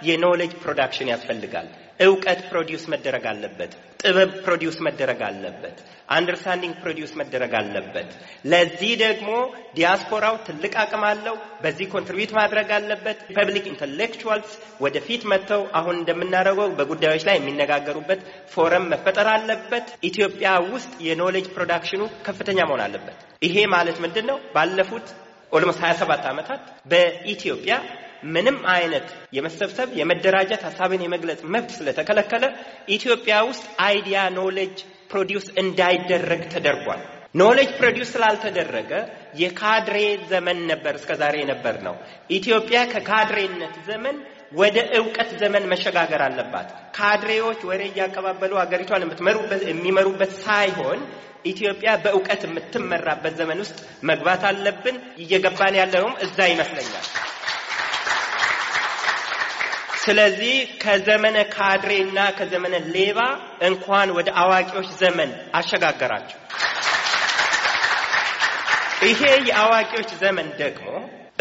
የኖሌጅ ፕሮዳክሽን ያስፈልጋል። እውቀት ፕሮዲውስ መደረግ አለበት። ጥበብ ፕሮዲውስ መደረግ አለበት። አንደርስታንዲንግ ፕሮዲውስ መደረግ አለበት። ለዚህ ደግሞ ዲያስፖራው ትልቅ አቅም አለው። በዚህ ኮንትሪቢዩት ማድረግ አለበት። ፐብሊክ ኢንተሌክቹዋልስ ወደፊት መጥተው አሁን እንደምናደርገው በጉዳዮች ላይ የሚነጋገሩበት ፎረም መፈጠር አለበት። ኢትዮጵያ ውስጥ የኖሌጅ ፕሮዳክሽኑ ከፍተኛ መሆን አለበት። ይሄ ማለት ምንድን ነው? ባለፉት ኦልሞስት 27 ዓመታት በኢትዮጵያ ምንም አይነት የመሰብሰብ የመደራጀት ሀሳብን የመግለጽ መብት ስለተከለከለ ኢትዮጵያ ውስጥ አይዲያ ኖሌጅ ፕሮዲውስ እንዳይደረግ ተደርጓል። ኖሌጅ ፕሮዲውስ ስላልተደረገ የካድሬ ዘመን ነበር እስከ ዛሬ የነበር ነው። ኢትዮጵያ ከካድሬነት ዘመን ወደ እውቀት ዘመን መሸጋገር አለባት። ካድሬዎች ወሬ እያቀባበሉ ሀገሪቷን የሚመሩበት ሳይሆን ኢትዮጵያ በእውቀት የምትመራበት ዘመን ውስጥ መግባት አለብን። እየገባን ያለውም እዛ ይመስለኛል። ስለዚህ ከዘመነ ካድሬ እና ከዘመነ ሌባ እንኳን ወደ አዋቂዎች ዘመን አሸጋገራቸው። ይሄ የአዋቂዎች ዘመን ደግሞ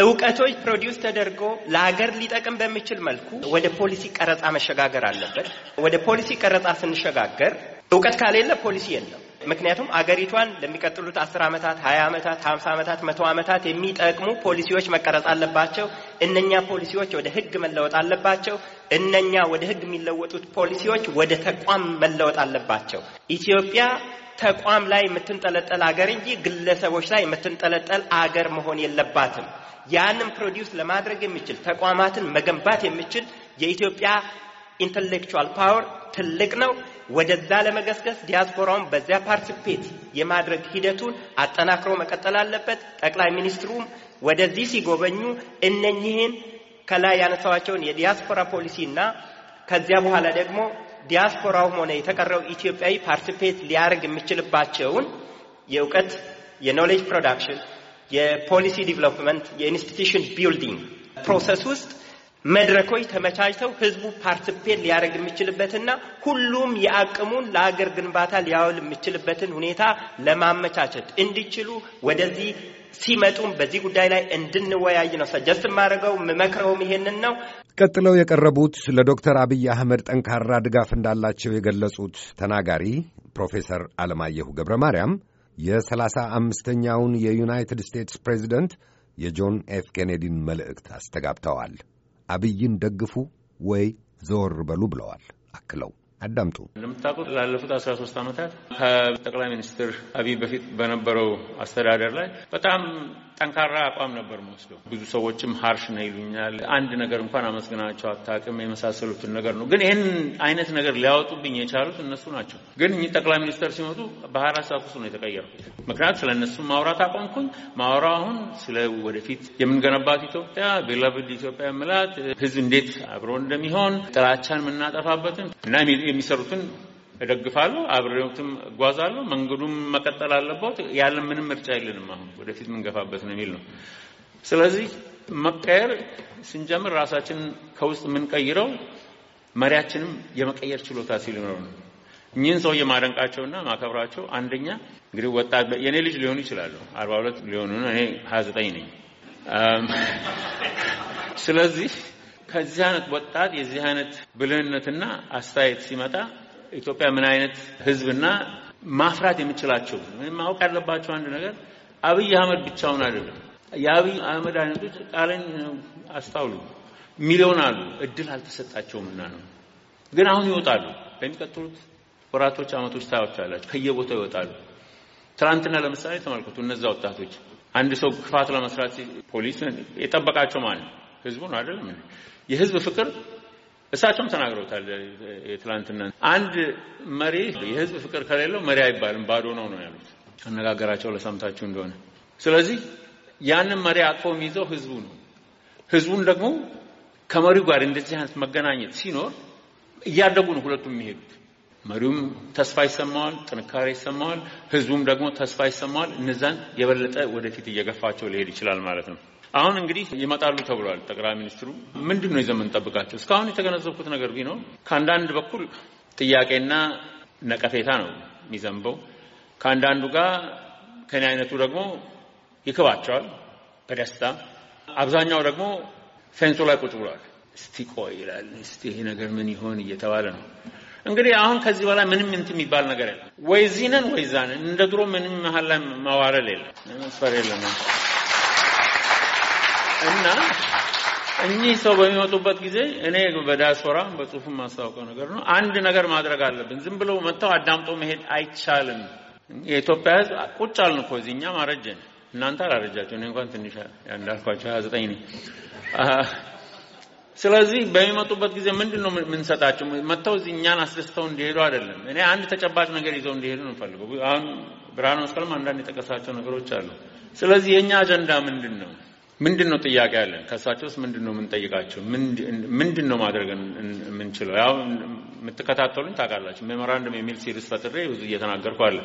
እውቀቶች ፕሮዲውስ ተደርጎ ለሀገር ሊጠቅም በሚችል መልኩ ወደ ፖሊሲ ቀረጻ መሸጋገር አለበት። ወደ ፖሊሲ ቀረጻ ስንሸጋገር እውቀት ካሌለ ፖሊሲ የለም። ምክንያቱም አገሪቷን ለሚቀጥሉት አስር ዓመታት ሀያ ዓመታት ሀምሳ ዓመታት መቶ ዓመታት የሚጠቅሙ ፖሊሲዎች መቀረጽ አለባቸው። እነኛ ፖሊሲዎች ወደ ህግ መለወጥ አለባቸው። እነኛ ወደ ህግ የሚለወጡት ፖሊሲዎች ወደ ተቋም መለወጥ አለባቸው። ኢትዮጵያ ተቋም ላይ የምትንጠለጠል አገር እንጂ ግለሰቦች ላይ የምትንጠለጠል አገር መሆን የለባትም። ያንም ፕሮዲውስ ለማድረግ የሚችል ተቋማትን መገንባት የሚችል የኢትዮጵያ ኢንተሌክቹዋል ፓወር ትልቅ ነው። ወደዛ ለመገስገስ ዲያስፖራውን በዚያ ፓርቲሲፔት የማድረግ ሂደቱን አጠናክሮ መቀጠል አለበት። ጠቅላይ ሚኒስትሩም ወደዚህ ሲጎበኙ እነኚህን ከላይ ያነሳዋቸውን የዲያስፖራ ፖሊሲና ከዚያ በኋላ ደግሞ ዲያስፖራውም ሆነ የተቀረው ኢትዮጵያዊ ፓርቲሲፔት ሊያደርግ የሚችልባቸውን የእውቀት የኖሌጅ ፕሮዳክሽን፣ የፖሊሲ ዲቨሎፕመንት፣ የኢንስቲትዩሽን ቢልዲንግ ፕሮሰስ ውስጥ መድረኮች ተመቻችተው ህዝቡ ፓርቲፔት ሊያደርግ የሚችልበትና ሁሉም የአቅሙን ለአገር ግንባታ ሊያውል የሚችልበትን ሁኔታ ለማመቻቸት እንዲችሉ ወደዚህ ሲመጡም በዚህ ጉዳይ ላይ እንድንወያይ ነው ሰጀስት የማደርገው የምመክረውም ይሄንን ነው። ቀጥለው የቀረቡት ለዶክተር አብይ አህመድ ጠንካራ ድጋፍ እንዳላቸው የገለጹት ተናጋሪ ፕሮፌሰር አለማየሁ ገብረ ማርያም የሰላሳ አምስተኛውን የዩናይትድ ስቴትስ ፕሬዚደንት የጆን ኤፍ ኬኔዲን መልእክት አስተጋብተዋል። አብይን ደግፉ ወይ ዘወር በሉ ብለዋል። አክለው አዳምጡ። እንደምታውቁት ላለፉት 13 ዓመታት ከጠቅላይ ሚኒስትር አብይ በፊት በነበረው አስተዳደር ላይ በጣም ጠንካራ አቋም ነበር መወስደው። ብዙ ሰዎችም ሀርሽ ነው ይሉኛል። አንድ ነገር እንኳን አመስግናቸው አታውቅም የመሳሰሉትን ነገር ነው። ግን ይህን አይነት ነገር ሊያወጡብኝ የቻሉት እነሱ ናቸው። ግን እኚህ ጠቅላይ ሚኒስተር ሲመጡ ባህር ሀሳብ ውስጥ ነው የተቀየርኩት። ምክንያቱ ስለ እነሱ ማውራት አቆምኩኝ። ማውራ አሁን ስለ ወደፊት የምንገነባት ኢትዮጵያ ቤላብድ ኢትዮጵያ ምላት ህዝብ እንዴት አብሮ እንደሚሆን ጥላቻን የምናጠፋበትን እና የሚሰሩትን እደግፋለሁ፣ አብሬውትም እጓዛለሁ። መንገዱም መቀጠል አለበት። ያለ ምንም ምርጫ የለንም። አሁን ወደፊት የምንገፋበት ነው የሚል ነው። ስለዚህ መቀየር ስንጀምር ራሳችን ከውስጥ የምንቀይረው መሪያችንም የመቀየር ችሎታ ሲኖረው ነው። እኚህን ሰው የማደንቃቸውና ማከብራቸው አንደኛ እንግዲህ ወጣት የኔ ልጅ ሊሆኑ ይችላሉ፣ 42 ሊሆኑ እኔ 29 ነኝ። ስለዚህ ከዚህ አይነት ወጣት የዚህ አይነት ብልህነትና አስተያየት ሲመጣ ኢትዮጵያ ምን አይነት ህዝብና ማፍራት የምችላቸው ማወቅ ያለባቸው አንድ ነገር አብይ አህመድ ብቻውን አይደለም። የአብይ አህመድ አይነቶች ቃለኝ አስታውሉ ሚሊዮን አሉ። እድል አልተሰጣቸውምና ነው። ግን አሁን ይወጣሉ። በሚቀጥሉት ወራቶች፣ አመቶች ታያቸዋላችሁ። ከየቦታው ይወጣሉ። ትናንትና ለምሳሌ ተመልከቱ። እነዛ ወጣቶች አንድ ሰው ክፋት ለመስራት ፖሊስ የጠበቃቸው ማለት ህዝቡ ነው አይደለም። የህዝብ ፍቅር እሳቸውም ተናግረውታል። የትላንትና አንድ መሪ የህዝብ ፍቅር ከሌለው መሪ አይባልም ባዶ ነው ነው ያሉት አነጋገራቸው ለሰምታችሁ እንደሆነ። ስለዚህ ያንን መሪ አቅፎ የሚይዘው ህዝቡ ነው። ህዝቡን ደግሞ ከመሪው ጋር እንደዚህ አይነት መገናኘት ሲኖር እያደጉ ነው ሁለቱም የሚሄዱት። መሪውም ተስፋ ይሰማዋል፣ ጥንካሬ ይሰማዋል። ህዝቡም ደግሞ ተስፋ ይሰማዋል። እነዛን የበለጠ ወደፊት እየገፋቸው ሊሄድ ይችላል ማለት ነው። አሁን እንግዲህ ይመጣሉ ተብሏል ጠቅላይ ሚኒስትሩ። ምንድን ነው ይዘን የምንጠብቃቸው? እስካሁን የተገነዘብኩት ነገር ቢኖር ከአንዳንድ በኩል ጥያቄና ነቀፌታ ነው የሚዘንበው። ከአንዳንዱ ጋር ከኔ አይነቱ ደግሞ ይክባቸዋል በደስታ አብዛኛው ደግሞ ፌንሶ ላይ ቁጭ ብሏል። እስቲ ቆይ ይላል። እስቲ ይሄ ነገር ምን ይሆን እየተባለ ነው እንግዲህ አሁን ከዚህ በላይ ምንም እንትን የሚባል ነገር የለም። ወይ ዚህ ነን ወይ ነን። እንደ ድሮ ምንም መሀል ላይ ማዋረድ የለም መስፈር የለም። እና እኚህ ሰው በሚመጡበት ጊዜ እኔ በዲያስፖራ በጽሁፍም ማስታወቀው ነገር ነው። አንድ ነገር ማድረግ አለብን። ዝም ብለው መጥተው አዳምጦ መሄድ አይቻልም። የኢትዮጵያ ሕዝብ ቁጭ አልን እኮ እዚህ እኛም አረጀን፣ እናንተ አላረጃቸው እኔ እንኳን ትንሽ እንዳልኳቸው ሀያ ዘጠኝ ነኝ። ስለዚህ በሚመጡበት ጊዜ ምንድን ነው የምንሰጣቸው? መጥተው እዚህ እኛን አስደስተው እንዲሄዱ አይደለም። እኔ አንድ ተጨባጭ ነገር ይዘው እንዲሄዱ ነው የምፈልገው። አሁን ብርሃን መስቀልም አንዳንድ የጠቀሳቸው ነገሮች አሉ። ስለዚህ የእኛ አጀንዳ ምንድን ነው? ምንድን ነው ጥያቄ ያለን? ከእሳቸው ውስጥ ምንድን ነው የምንጠይቃቸው? ምንድን ነው ማድረግ የምንችለው? ያው የምትከታተሉኝ ታውቃላችሁ። ሜሞራንድም የሚል ሲሪስ ፈጥሬ ብዙ እየተናገርኩ አለ።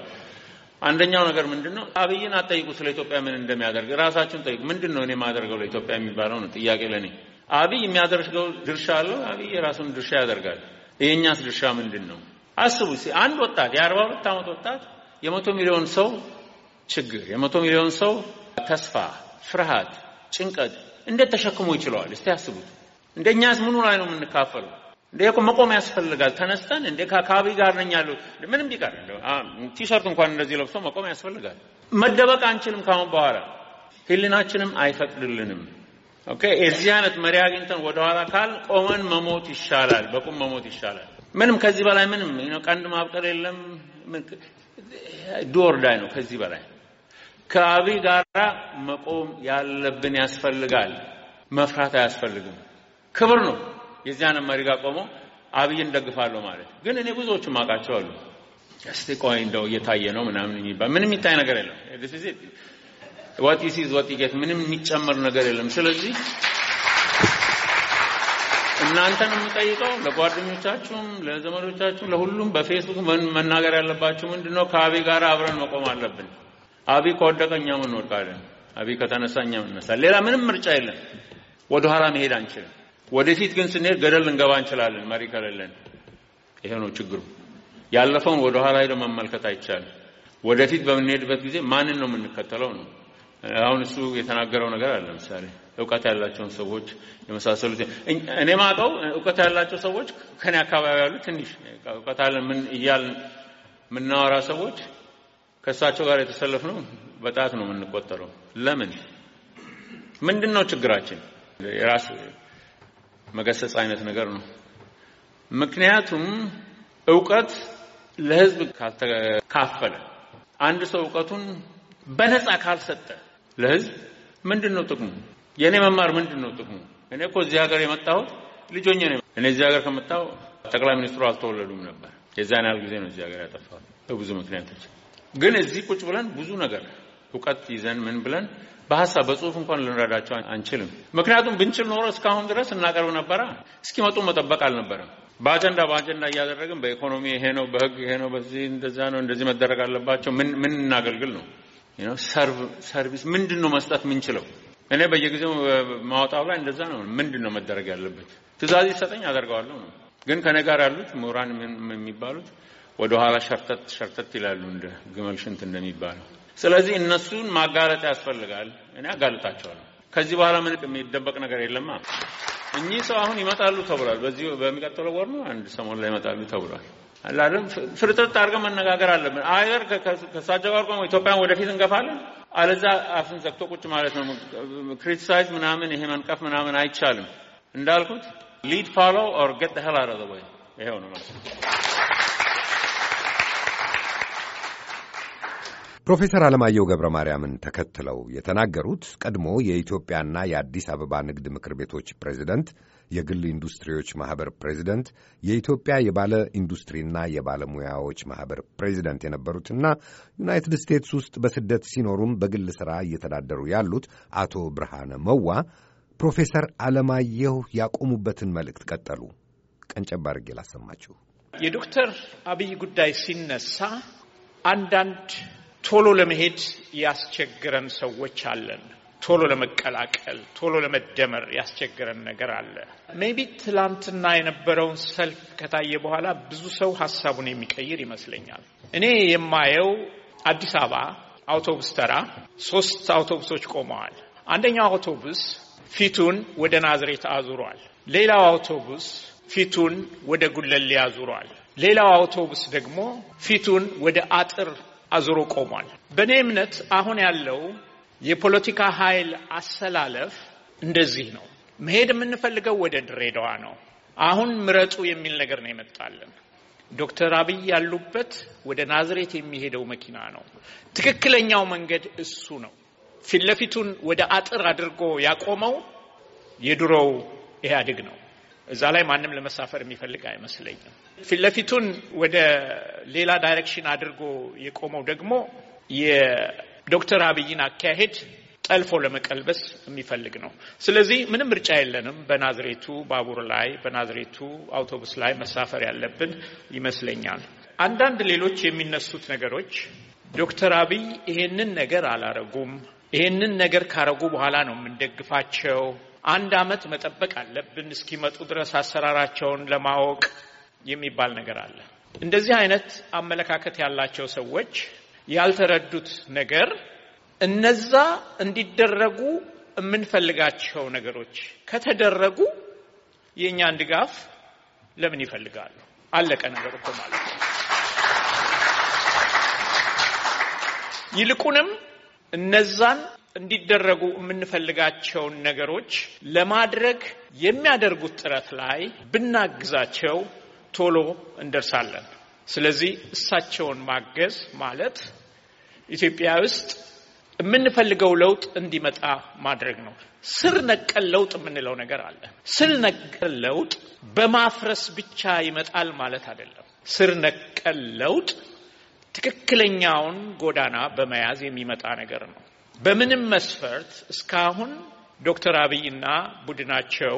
አንደኛው ነገር ምንድን ነው፣ አብይን አጠይቁ ስለ ኢትዮጵያ ምን እንደሚያደርግ ራሳችሁን ጠይቁ። ምንድን ነው እኔ ማደርገው ለኢትዮጵያ የሚባለው ነው ጥያቄ ለእኔ። አብይ የሚያደርገው ድርሻ አለው። አብይ የራሱን ድርሻ ያደርጋል። የእኛስ ድርሻ ምንድን ነው? አስቡ። አንድ ወጣት የአርባ ሁለት ዓመት ወጣት የመቶ ሚሊዮን ሰው ችግር፣ የመቶ ሚሊዮን ሰው ተስፋ፣ ፍርሃት ጭንቀት እንዴት ተሸክሞ ይችለዋል? እስቲ ያስቡት። እንደኛስ ምኑ ላይ ነው የምንካፈለው? እንደ እኮ መቆም ያስፈልጋል። ተነስተን እንደ ከአካባቢ ጋር ነኝ ያለው ምንም ቢቀር ቲሸርት እንኳን እንደዚህ ለብሶ መቆም ያስፈልጋል። መደበቅ አንችልም። ካሁን በኋላ ህሊናችንም አይፈቅድልንም። ኦኬ የዚህ አይነት መሪ አግኝተን ወደኋላ ካል ቆመን መሞት ይሻላል። በቁም መሞት ይሻላል። ምንም ከዚህ በላይ ምንም ቀንድ ማብቀል የለም። ዳይ ነው ከዚህ በላይ ከአብይ ጋራ መቆም ያለብን ያስፈልጋል። መፍራት አያስፈልግም። ክብር ነው። የዚያንም መሪ ጋር ቆሞ አብይን ደግፋለሁ ማለት ግን እኔ ብዙዎቹም አውቃቸው አሉ። እስቲ ቆይ እንደው እየታየ ነው ምናምን የሚባል ምንም የሚታይ ነገር የለም። ዋት ዩ ሲ ኢዝ ዋት ዩ ጌት። ምንም የሚጨመር ነገር የለም። ስለዚህ እናንተን የምጠይቀው ለጓደኞቻችሁም፣ ለዘመዶቻችሁም፣ ለሁሉም በፌስቡክ መናገር ያለባችሁ ምንድነው ከአብይ ጋር አብረን መቆም አለብን። አብይ ከወደቀ እኛም እንወድቃለን። አብይ ከተነሳ እኛም እንነሳለን። ሌላ ምንም ምርጫ የለም። ወደ ኋላ መሄድ አንችልም። ወደፊት ግን ስንሄድ ገደል ልንገባ እንችላለን። መሪ ከሌለን ይሄ ነው ችግሩ። ያለፈውን ወደ ኋላ ሄዶ መመልከት አይቻልም። ወደፊት በምንሄድበት ጊዜ ማንን ነው የምንከተለው ነው። አሁን እሱ የተናገረው ነገር አለ። ለምሳሌ እውቀት ያላቸውን ሰዎች የመሳሰሉት እኔ ማውቀው እውቀት ያላቸው ሰዎች ከኔ አካባቢ ያሉ ትንሽ እውቀት አለ ምን እያልን የምናወራ ሰዎች ከእሳቸው ጋር ነው በጣት ነው የምንቆጠረው። ለምን ምንድን ነው ችግራችን? የራስ መገሰጽ አይነት ነገር ነው። ምክንያቱም እውቀት ለህዝብ ካልተካፈለ፣ አንድ ሰው እውቀቱን በነፃ ካልሰጠ ለህዝብ ምንድን ነው ጥቅሙ? የእኔ መማር ምንድን ነው ጥቅሙ? እኔ እኮ እዚህ ሀገር የመጣሁት ልጆኝ ነው። እኔ እዚህ ሀገር ከመጣሁ ጠቅላይ ሚኒስትሩ አልተወለዱም ነበር። የዛን ያህል ጊዜ ነው እዚህ ሀገር ያጠፋሁት በብዙ ምክንያቶች ግን እዚህ ቁጭ ብለን ብዙ ነገር እውቀት ይዘን ምን ብለን በሀሳብ በጽሁፍ እንኳን ልንረዳቸው አንችልም። ምክንያቱም ብንችል ኖሮ እስካሁን ድረስ እናቀርብ ነበረ። እስኪመጡ መጠበቅ አልነበረም። በአጀንዳ በአጀንዳ እያደረግን በኢኮኖሚ ይሄ ነው፣ በህግ ይሄ ነው፣ በዚህ እንደዛ ነው፣ እንደዚህ መደረግ አለባቸው። ምን እናገልግል ነው ሰርቪስ ምንድን ነው መስጠት ምንችለው? እኔ በየጊዜው ማውጣው ላይ እንደዛ ነው። ምንድን ነው መደረግ ያለበት? ትእዛዝ ይሰጠኝ አደርገዋለሁ ነው። ግን ከኔ ጋር ያሉት ምሁራን የሚባሉት ወደ ኋላ ሸርተት ሸርተት ይላሉ እንደ ግመል ሽንት እንደሚባለው። ስለዚህ እነሱን ማጋለጥ ያስፈልጋል። እኔ አጋልጣቸዋለሁ። ከዚህ በኋላ ምን የሚደበቅ ነገር የለማ። እኚህ ሰው አሁን ይመጣሉ ተብሏል። በዚህ በሚቀጥለው ወር ነው አንድ ሰሞን ላይ ይመጣሉ ተብሏል። አላለም ፍርጥርጥ አድርገን መነጋገር አለብን። አገር ከሳቸው ጋር ቆሞ ኢትዮጵያን ወደፊት እንገፋለን፣ አለዛ አፍን ዘግቶ ቁጭ ማለት ነው። ክሪቲሳይዝ ምናምን ይሄ መንቀፍ ምናምን አይቻልም። እንዳልኩት ሊድ ፋሎ ኦር ጌት ሄል አረዘ ወይ ይሄው ነው ማለት ነው። ፕሮፌሰር አለማየሁ ገብረ ማርያምን ተከትለው የተናገሩት ቀድሞ የኢትዮጵያና የአዲስ አበባ ንግድ ምክር ቤቶች ፕሬዚደንት፣ የግል ኢንዱስትሪዎች ማኅበር ፕሬዚደንት፣ የኢትዮጵያ የባለ ኢንዱስትሪና የባለሙያዎች ማኅበር ፕሬዚደንት የነበሩትና ዩናይትድ ስቴትስ ውስጥ በስደት ሲኖሩም በግል ሥራ እየተዳደሩ ያሉት አቶ ብርሃነ መዋ ፕሮፌሰር አለማየሁ ያቆሙበትን መልእክት ቀጠሉ። ቀንጨብ አድርጌ ላሰማችሁ። የዶክተር አብይ ጉዳይ ሲነሳ አንዳንድ ቶሎ ለመሄድ ያስቸግረን ሰዎች አለን። ቶሎ ለመቀላቀል ቶሎ ለመደመር ያስቸግረን ነገር አለ። ሜቢ ትላንትና የነበረውን ሰልፍ ከታየ በኋላ ብዙ ሰው ሀሳቡን የሚቀይር ይመስለኛል። እኔ የማየው አዲስ አበባ አውቶቡስ ተራ ሶስት አውቶቡሶች ቆመዋል። አንደኛው አውቶቡስ ፊቱን ወደ ናዝሬት አዙሯል። ሌላው አውቶቡስ ፊቱን ወደ ጉለሌ አዙሯል። ሌላው አውቶቡስ ደግሞ ፊቱን ወደ አጥር አዙሮ ቆሟል። በእኔ እምነት አሁን ያለው የፖለቲካ ኃይል አሰላለፍ እንደዚህ ነው። መሄድ የምንፈልገው ወደ ድሬዳዋ ነው። አሁን ምረጡ የሚል ነገር ነው የመጣልን። ዶክተር አብይ ያሉበት ወደ ናዝሬት የሚሄደው መኪና ነው። ትክክለኛው መንገድ እሱ ነው። ፊት ለፊቱን ወደ አጥር አድርጎ ያቆመው የድሮው ኢህአዴግ ነው። እዛ ላይ ማንም ለመሳፈር የሚፈልግ አይመስለኝም። ፊት ለፊቱን ወደ ሌላ ዳይሬክሽን አድርጎ የቆመው ደግሞ የዶክተር አብይን አካሄድ ጠልፎ ለመቀልበስ የሚፈልግ ነው። ስለዚህ ምንም ምርጫ የለንም። በናዝሬቱ ባቡር ላይ፣ በናዝሬቱ አውቶቡስ ላይ መሳፈር ያለብን ይመስለኛል። አንዳንድ ሌሎች የሚነሱት ነገሮች ዶክተር አብይ ይሄንን ነገር አላረጉም፣ ይሄንን ነገር ካረጉ በኋላ ነው የምንደግፋቸው አንድ አመት መጠበቅ አለብን እስኪመጡ ድረስ አሰራራቸውን ለማወቅ የሚባል ነገር አለ። እንደዚህ አይነት አመለካከት ያላቸው ሰዎች ያልተረዱት ነገር እነዛ እንዲደረጉ የምንፈልጋቸው ነገሮች ከተደረጉ የእኛን ድጋፍ ለምን ይፈልጋሉ? አለቀ ነገር እኮ ማለት ነው። ይልቁንም እነዛን እንዲደረጉ የምንፈልጋቸውን ነገሮች ለማድረግ የሚያደርጉት ጥረት ላይ ብናግዛቸው ቶሎ እንደርሳለን። ስለዚህ እሳቸውን ማገዝ ማለት ኢትዮጵያ ውስጥ የምንፈልገው ለውጥ እንዲመጣ ማድረግ ነው። ስር ነቀል ለውጥ የምንለው ነገር አለ። ስር ነቀል ለውጥ በማፍረስ ብቻ ይመጣል ማለት አይደለም። ስር ነቀል ለውጥ ትክክለኛውን ጎዳና በመያዝ የሚመጣ ነገር ነው። በምንም መስፈርት እስካሁን ዶክተር አብይና ቡድናቸው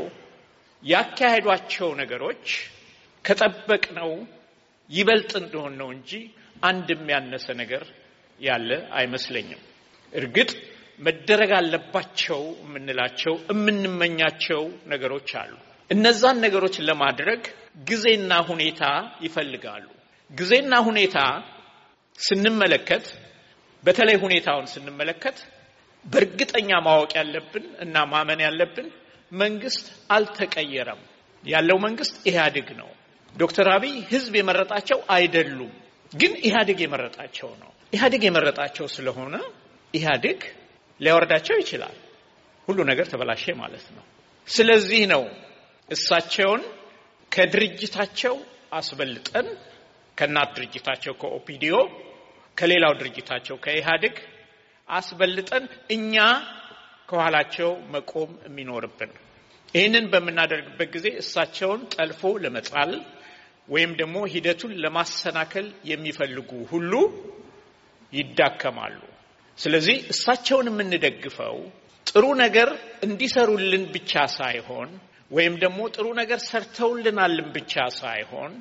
ያካሄዷቸው ነገሮች ከጠበቅነው ይበልጥ እንደሆን ነው እንጂ አንድም ያነሰ ነገር ያለ አይመስለኝም። እርግጥ መደረግ አለባቸው የምንላቸው የምንመኛቸው ነገሮች አሉ። እነዛን ነገሮች ለማድረግ ጊዜና ሁኔታ ይፈልጋሉ። ጊዜና ሁኔታ ስንመለከት በተለይ ሁኔታውን ስንመለከት በእርግጠኛ ማወቅ ያለብን እና ማመን ያለብን መንግስት አልተቀየረም። ያለው መንግስት ኢህአዴግ ነው። ዶክተር አብይ ህዝብ የመረጣቸው አይደሉም፣ ግን ኢህአዴግ የመረጣቸው ነው። ኢህአዴግ የመረጣቸው ስለሆነ ኢህአዴግ ሊያወርዳቸው ይችላል፣ ሁሉ ነገር ተበላሸ ማለት ነው። ስለዚህ ነው እሳቸውን ከድርጅታቸው አስበልጠን ከእናት ድርጅታቸው ከኦፒዲዮ ከሌላው ድርጅታቸው ከኢህአዴግ አስበልጠን እኛ ከኋላቸው መቆም የሚኖርብን። ይህንን በምናደርግበት ጊዜ እሳቸውን ጠልፎ ለመጣል ወይም ደግሞ ሂደቱን ለማሰናከል የሚፈልጉ ሁሉ ይዳከማሉ። ስለዚህ እሳቸውን የምንደግፈው ጥሩ ነገር እንዲሰሩልን ብቻ ሳይሆን ወይም ደግሞ ጥሩ ነገር ሰርተውልናልን ብቻ ሳይሆን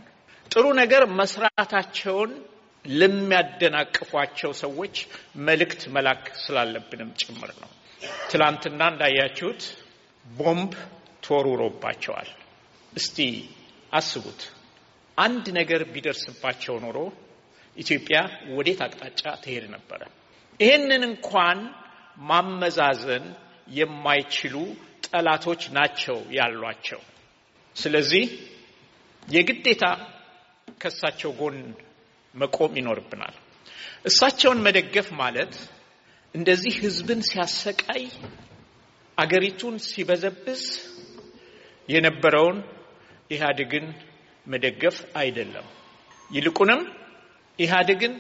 ጥሩ ነገር መስራታቸውን ለሚያደናቅፏቸው ሰዎች መልእክት መላክ ስላለብንም ጭምር ነው። ትላንትና እንዳያችሁት ቦምብ ተወርውሮባቸዋል። እስቲ አስቡት፣ አንድ ነገር ቢደርስባቸው ኖሮ ኢትዮጵያ ወዴት አቅጣጫ ትሄድ ነበረ? ይህንን እንኳን ማመዛዘን የማይችሉ ጠላቶች ናቸው ያሏቸው። ስለዚህ የግዴታ ከሳቸው ጎን መቆም ይኖርብናል። እሳቸውን መደገፍ ማለት እንደዚህ ህዝብን ሲያሰቃይ አገሪቱን ሲበዘብዝ የነበረውን ኢህአዴግን መደገፍ አይደለም። ይልቁንም ኢህአዴግን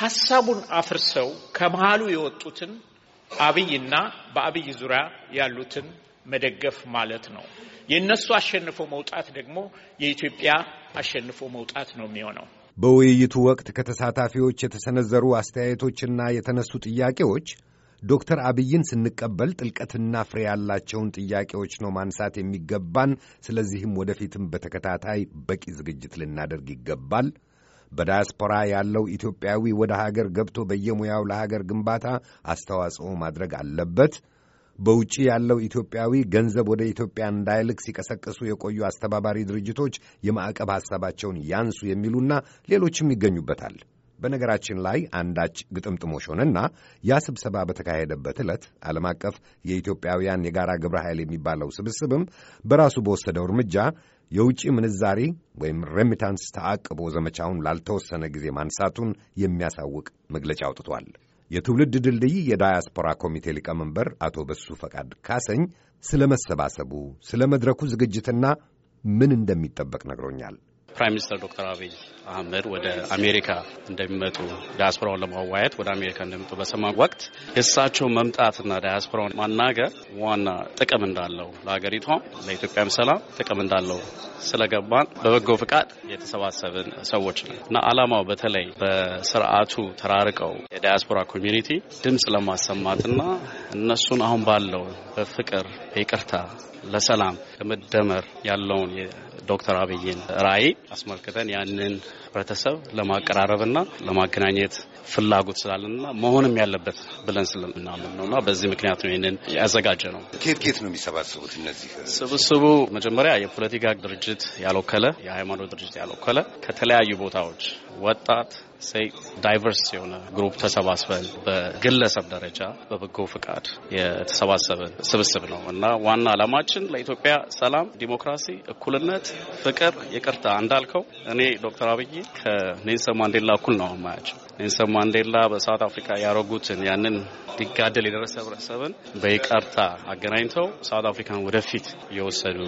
ሀሳቡን አፍርሰው ከመሃሉ የወጡትን አብይና በአብይ ዙሪያ ያሉትን መደገፍ ማለት ነው። የእነሱ አሸንፎ መውጣት ደግሞ የኢትዮጵያ አሸንፎ መውጣት ነው የሚሆነው። በውይይቱ ወቅት ከተሳታፊዎች የተሰነዘሩ አስተያየቶችና የተነሱ ጥያቄዎች ዶክተር አብይን ስንቀበል ጥልቀትና ፍሬ ያላቸውን ጥያቄዎች ነው ማንሳት የሚገባን። ስለዚህም ወደፊትም በተከታታይ በቂ ዝግጅት ልናደርግ ይገባል። በዳያስፖራ ያለው ኢትዮጵያዊ ወደ ሀገር ገብቶ በየሙያው ለሀገር ግንባታ አስተዋጽኦ ማድረግ አለበት። በውጭ ያለው ኢትዮጵያዊ ገንዘብ ወደ ኢትዮጵያ እንዳይልክ ሲቀሰቅሱ የቆዩ አስተባባሪ ድርጅቶች የማዕቀብ ሐሳባቸውን ያንሱ የሚሉና ሌሎችም ይገኙበታል። በነገራችን ላይ አንዳች ግጥምጥሞሽ ሆነና ያ ስብሰባ በተካሄደበት ዕለት ዓለም አቀፍ የኢትዮጵያውያን የጋራ ግብረ ኃይል የሚባለው ስብስብም በራሱ በወሰደው እርምጃ የውጭ ምንዛሪ ወይም ሬሚታንስ ተአቅቦ ዘመቻውን ላልተወሰነ ጊዜ ማንሳቱን የሚያሳውቅ መግለጫ አውጥቷል። የትውልድ ድልድይ የዳያስፖራ ኮሚቴ ሊቀመንበር አቶ በሱ ፈቃድ ካሰኝ ስለ መሰባሰቡ፣ ስለ መድረኩ ዝግጅትና ምን እንደሚጠበቅ ነግሮኛል። ፕራይም ሚኒስትር ዶክተር አብይ አህመድ ወደ አሜሪካ እንደሚመጡ ዳያስፖራውን ለማዋየት ወደ አሜሪካ እንደሚመጡ በሰማ ወቅት የእሳቸው መምጣትና ዳያስፖራውን ማናገር ዋና ጥቅም እንዳለው ለሀገሪቷም ለኢትዮጵያም ሰላም ጥቅም እንዳለው ስለገባን በበጎ ፍቃድ የተሰባሰብን ሰዎች ነው እና አላማው በተለይ በስርዓቱ ተራርቀው የዳያስፖራ ኮሚኒቲ ድምፅ ለማሰማትና እነሱን አሁን ባለው በፍቅር በይቅርታ ለሰላም ለመደመር ያለውን የዶክተር አብይን ራዕይ አስመልክተን ያንን ህብረተሰብ ለማቀራረብና ለማገናኘት ፍላጎት ስላለንና መሆንም ያለበት ብለን ስለምናምን ነውና በዚህ ምክንያት ነው ይህንን ያዘጋጀ ነው። ኬት ኬት ነው የሚሰባስቡት እነዚህ ስብስቡ መጀመሪያ የፖለቲካ ድርጅት ያልወከለ፣ የሃይማኖት ድርጅት ያልወከለ ከተለያዩ ቦታዎች ወጣት ዳይቨርስ የሆነ ግሩፕ ተሰባስበን በግለሰብ ደረጃ በበጎ ፍቃድ የተሰባሰበን ስብስብ ነው እና ዋና ዓላማችን ለኢትዮጵያ ሰላም፣ ዲሞክራሲ፣ እኩልነት፣ ፍቅር፣ ይቅርታ እንዳልከው እኔ ዶክተር አብይ ከኔልሰን ማንዴላ እኩል ነው ማያቸው። ኔልሰን ማንዴላ በሳውት አፍሪካ ያረጉትን ያንን ሊጋደል የደረሰ ህብረተሰብን በይቅርታ አገናኝተው ሳውት አፍሪካን ወደፊት የወሰዱ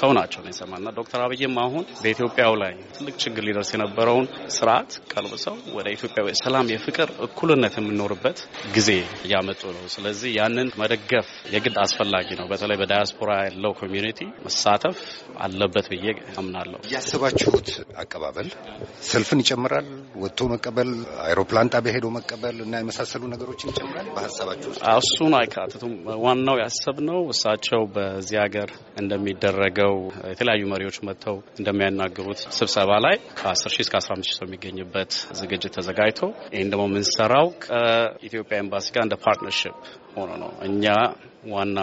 ሰው ናቸው ኔልሰን ማንዴላ። ዶክተር አብይም አሁን በኢትዮጵያው ላይ ትልቅ ችግር ሊደርስ የነበረውን ስርዓት ቀልብሰው ወደ ኢትዮጵያ ሰላም፣ የፍቅር እኩልነት የምንኖርበት ጊዜ እያመጡ ነው። ስለዚህ ያንን መደገፍ የግድ አስፈላጊ ነው። በተለይ በዳያስፖራ ያለው ኮሚዩኒቲ መሳተፍ አለበት ብዬ አምናለሁ። ያስባችሁት አቀባበል ሰልፍን ይጨምራል። ወጥቶ መቀበል፣ አይሮፕላን ጣቢያ ሄዶ መቀበል እና የመሳሰሉ ነገሮችን ይጨምራል። በሀሳባችሁ እሱን አይካትቱም። ዋናው ነው እሳቸው በዚህ ሀገር እንደሚደረገው የተለያዩ መሪዎች መጥተው እንደሚያናግሩት ስብሰባ ላይ ከ10 ሺህ እስከ 15 ሰው የሚገኝበት ዝግጅት ተዘጋጅቶ ይህን ደግሞ የምንሰራው ከኢትዮጵያ ኤምባሲ ጋር እንደ ፓርትነርሽፕ ሆኖ ነው። እኛ ዋና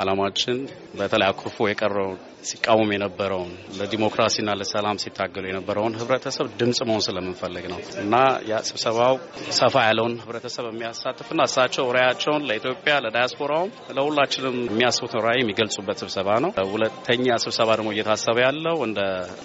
አላማችን በተለይ አኩርፎ የቀረውን ሲቃወም የነበረውን ለዲሞክራሲና ለሰላም ሲታገሉ የነበረውን ህብረተሰብ ድምጽ መሆን ስለምንፈልግ ነው እና ስብሰባው ሰፋ ያለውን ህብረተሰብ የሚያሳትፍና እሳቸው ራያቸውን ለኢትዮጵያ ለዳያስፖራውም ለሁላችንም የሚያስቡትን ራዕይ የሚገልጹበት ስብሰባ ነው። ሁለተኛ ስብሰባ ደግሞ እየታሰበ ያለው እንደ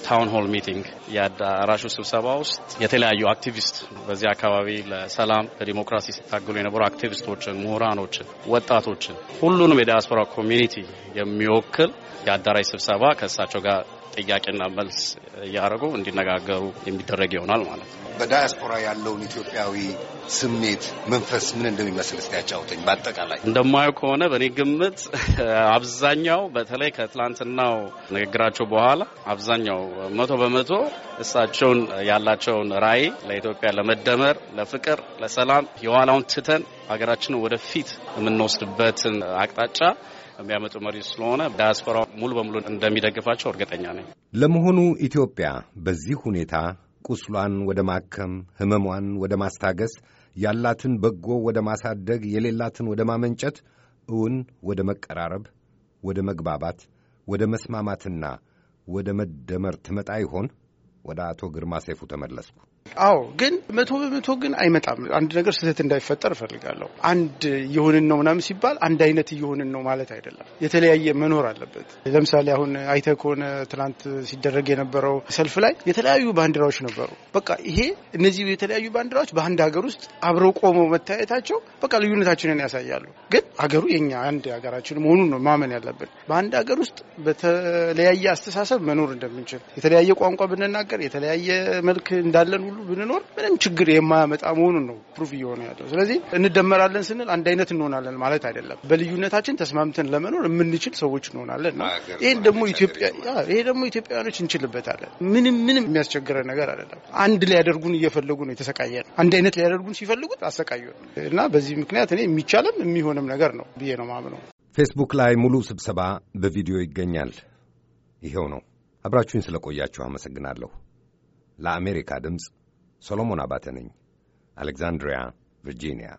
ታውን ሆል ሚቲንግ የአዳራሹ ስብሰባ ውስጥ የተለያዩ አክቲቪስት በዚህ አካባቢ ለሰላም ለዲሞክራሲ ሲታገሉ የነበሩ አክቲቪስቶችን፣ ምሁራኖችን ወጣቶችን ሁሉንም የዲያስፖራ ኮሚኒቲ የሚወክል የአዳራሽ ስብሰባ ከእሳቸው ጋር ጥያቄና መልስ እያደረጉ እንዲነጋገሩ የሚደረግ ይሆናል ማለት ነው። በዳያስፖራ ያለውን ኢትዮጵያዊ ስሜት መንፈስ ምን እንደሚመስል እስቲ ያጫውተኝ። በአጠቃላይ እንደማየው ከሆነ በእኔ ግምት አብዛኛው በተለይ ከትላንትናው ንግግራቸው በኋላ አብዛኛው መቶ በመቶ እሳቸውን ያላቸውን ራዕይ ለኢትዮጵያ ለመደመር፣ ለፍቅር፣ ለሰላም የኋላውን ትተን ሀገራችንን ወደፊት የምንወስድበትን አቅጣጫ የሚያመጡ መሪ ስለሆነ ዳያስፖራው ሙሉ በሙሉ እንደሚደግፋቸው እርግጠኛ ነኝ። ለመሆኑ ኢትዮጵያ በዚህ ሁኔታ ቁስሏን ወደ ማከም፣ ህመሟን ወደ ማስታገስ፣ ያላትን በጎ ወደ ማሳደግ፣ የሌላትን ወደ ማመንጨት፣ እውን ወደ መቀራረብ፣ ወደ መግባባት፣ ወደ መስማማትና ወደ መደመር ትመጣ ይሆን? ወደ አቶ ግርማ ሰይፉ ተመለስኩ። አዎ ግን መቶ በመቶ ግን አይመጣም። አንድ ነገር ስህተት እንዳይፈጠር እፈልጋለሁ። አንድ እየሆንን ነው ምናምን ሲባል አንድ አይነት እየሆንን ነው ማለት አይደለም። የተለያየ መኖር አለበት። ለምሳሌ አሁን አይተ ከሆነ ትናንት ሲደረግ የነበረው ሰልፍ ላይ የተለያዩ ባንዲራዎች ነበሩ። በቃ ይሄ እነዚህ የተለያዩ ባንዲራዎች በአንድ ሀገር ውስጥ አብረው ቆመው መታየታቸው በቃ ልዩነታችንን ያሳያሉ። ግን ሀገሩ የኛ አንድ ሀገራችን መሆኑን ነው ማመን ያለብን። በአንድ ሀገር ውስጥ በተለያየ አስተሳሰብ መኖር እንደምንችል የተለያየ ቋንቋ ብንናገር የተለያየ መልክ እንዳለን ሁሉ ሁሉ ብንኖር ምንም ችግር የማያመጣ መሆኑን ነው ፕሩፍ እየሆነ ያለው። ስለዚህ እንደመራለን ስንል አንድ አይነት እንሆናለን ማለት አይደለም። በልዩነታችን ተስማምተን ለመኖር የምንችል ሰዎች እንሆናለን ነው። ይህን ደግሞ ኢትዮጵያ ይሄ ደግሞ ኢትዮጵያውያኖች እንችልበታለን። ምንም ምንም የሚያስቸግረን ነገር አይደለም። አንድ ሊያደርጉን እየፈለጉ ነው የተሰቃየ ነው። አንድ አይነት ሊያደርጉን ሲፈልጉት አሰቃዩን እና በዚህ ምክንያት እኔ የሚቻለም የሚሆንም ነገር ነው ብዬ ነው ማምነው። ፌስቡክ ላይ ሙሉ ስብሰባ በቪዲዮ ይገኛል። ይኸው ነው። አብራችሁኝ ስለቆያችሁ አመሰግናለሁ። ለአሜሪካ ድምፅ ሰሎሞን አባተ ነኝ። አሌክዛንድሪያ ቨርጂኒያ